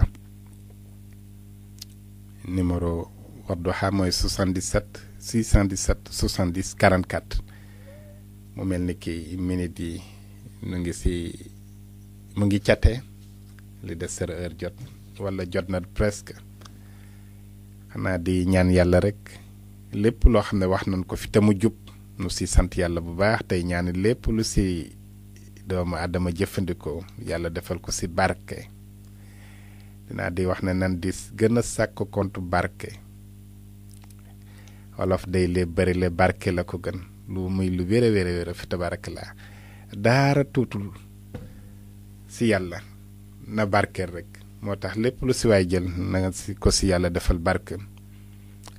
numéro wadduha mooy 77 617 70 44 mu mel ni ki minit yi mu ngi si mu ngi cate li des sër heure jot wala jot na presque xanaa di ñaan yàlla rek lépp loo xam ne wax nañ ko fi te mu jub nu si sant yàlla bu baax tey ñaani lépp lu si doomu adama jëfandikoo yàlla defal ko si barke dinaa di wax ne nan di gën sàkk compte barke wolof day lee bari le barke la ko gën lu muy lu wér a wér a daara tuutul si yàlla na barkeel rek moo tax lépp lu si waay jël na si ko si yàlla defal barke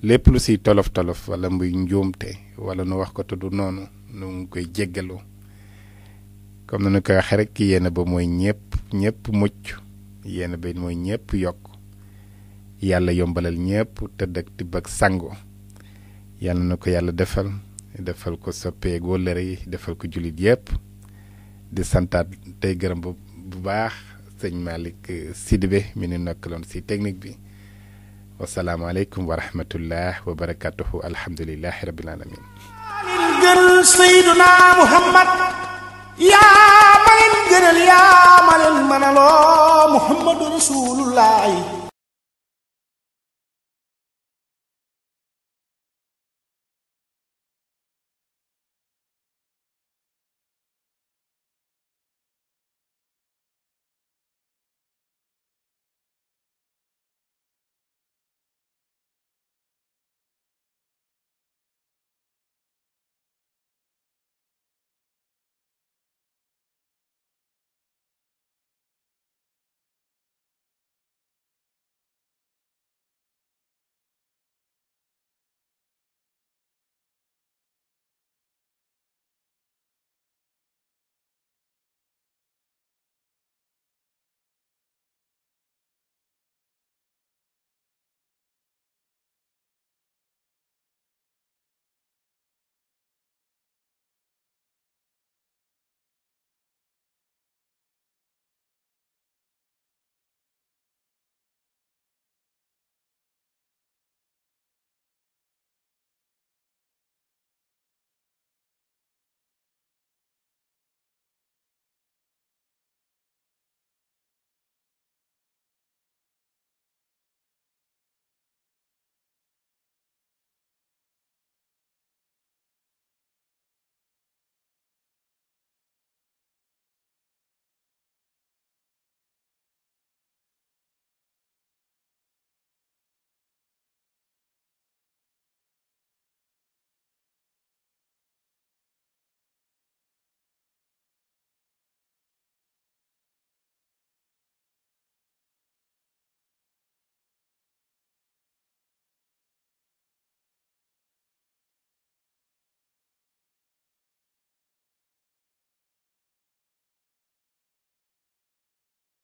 lépp lu siy tolof tolof wala muy njuumte wala nu wax ko tudd noonu nu ngi koy jéggaloo comme ni ñu koy waxee rek yéen ba mooy ñëpp ñëpp mucc yéen ba mooy ñëpp yokk yàlla yombalal ñëpp tëdd ak tibb ak sango yàlla na ko yàlla defal. defal ko sa pee góllëre yi defal ko julit yëpp di santaat tey gërëm bu bu baax sëñ Malick Sidibé mi ni nokkaloon si technique bi wasalaamaaleykum wa rahmatullah wa barakatuhu alhamdulilahi rabbil alamin gën sayduna muhammad yaa ma leen gënal yaa ma leen mënaloo muhammadu rasulullahi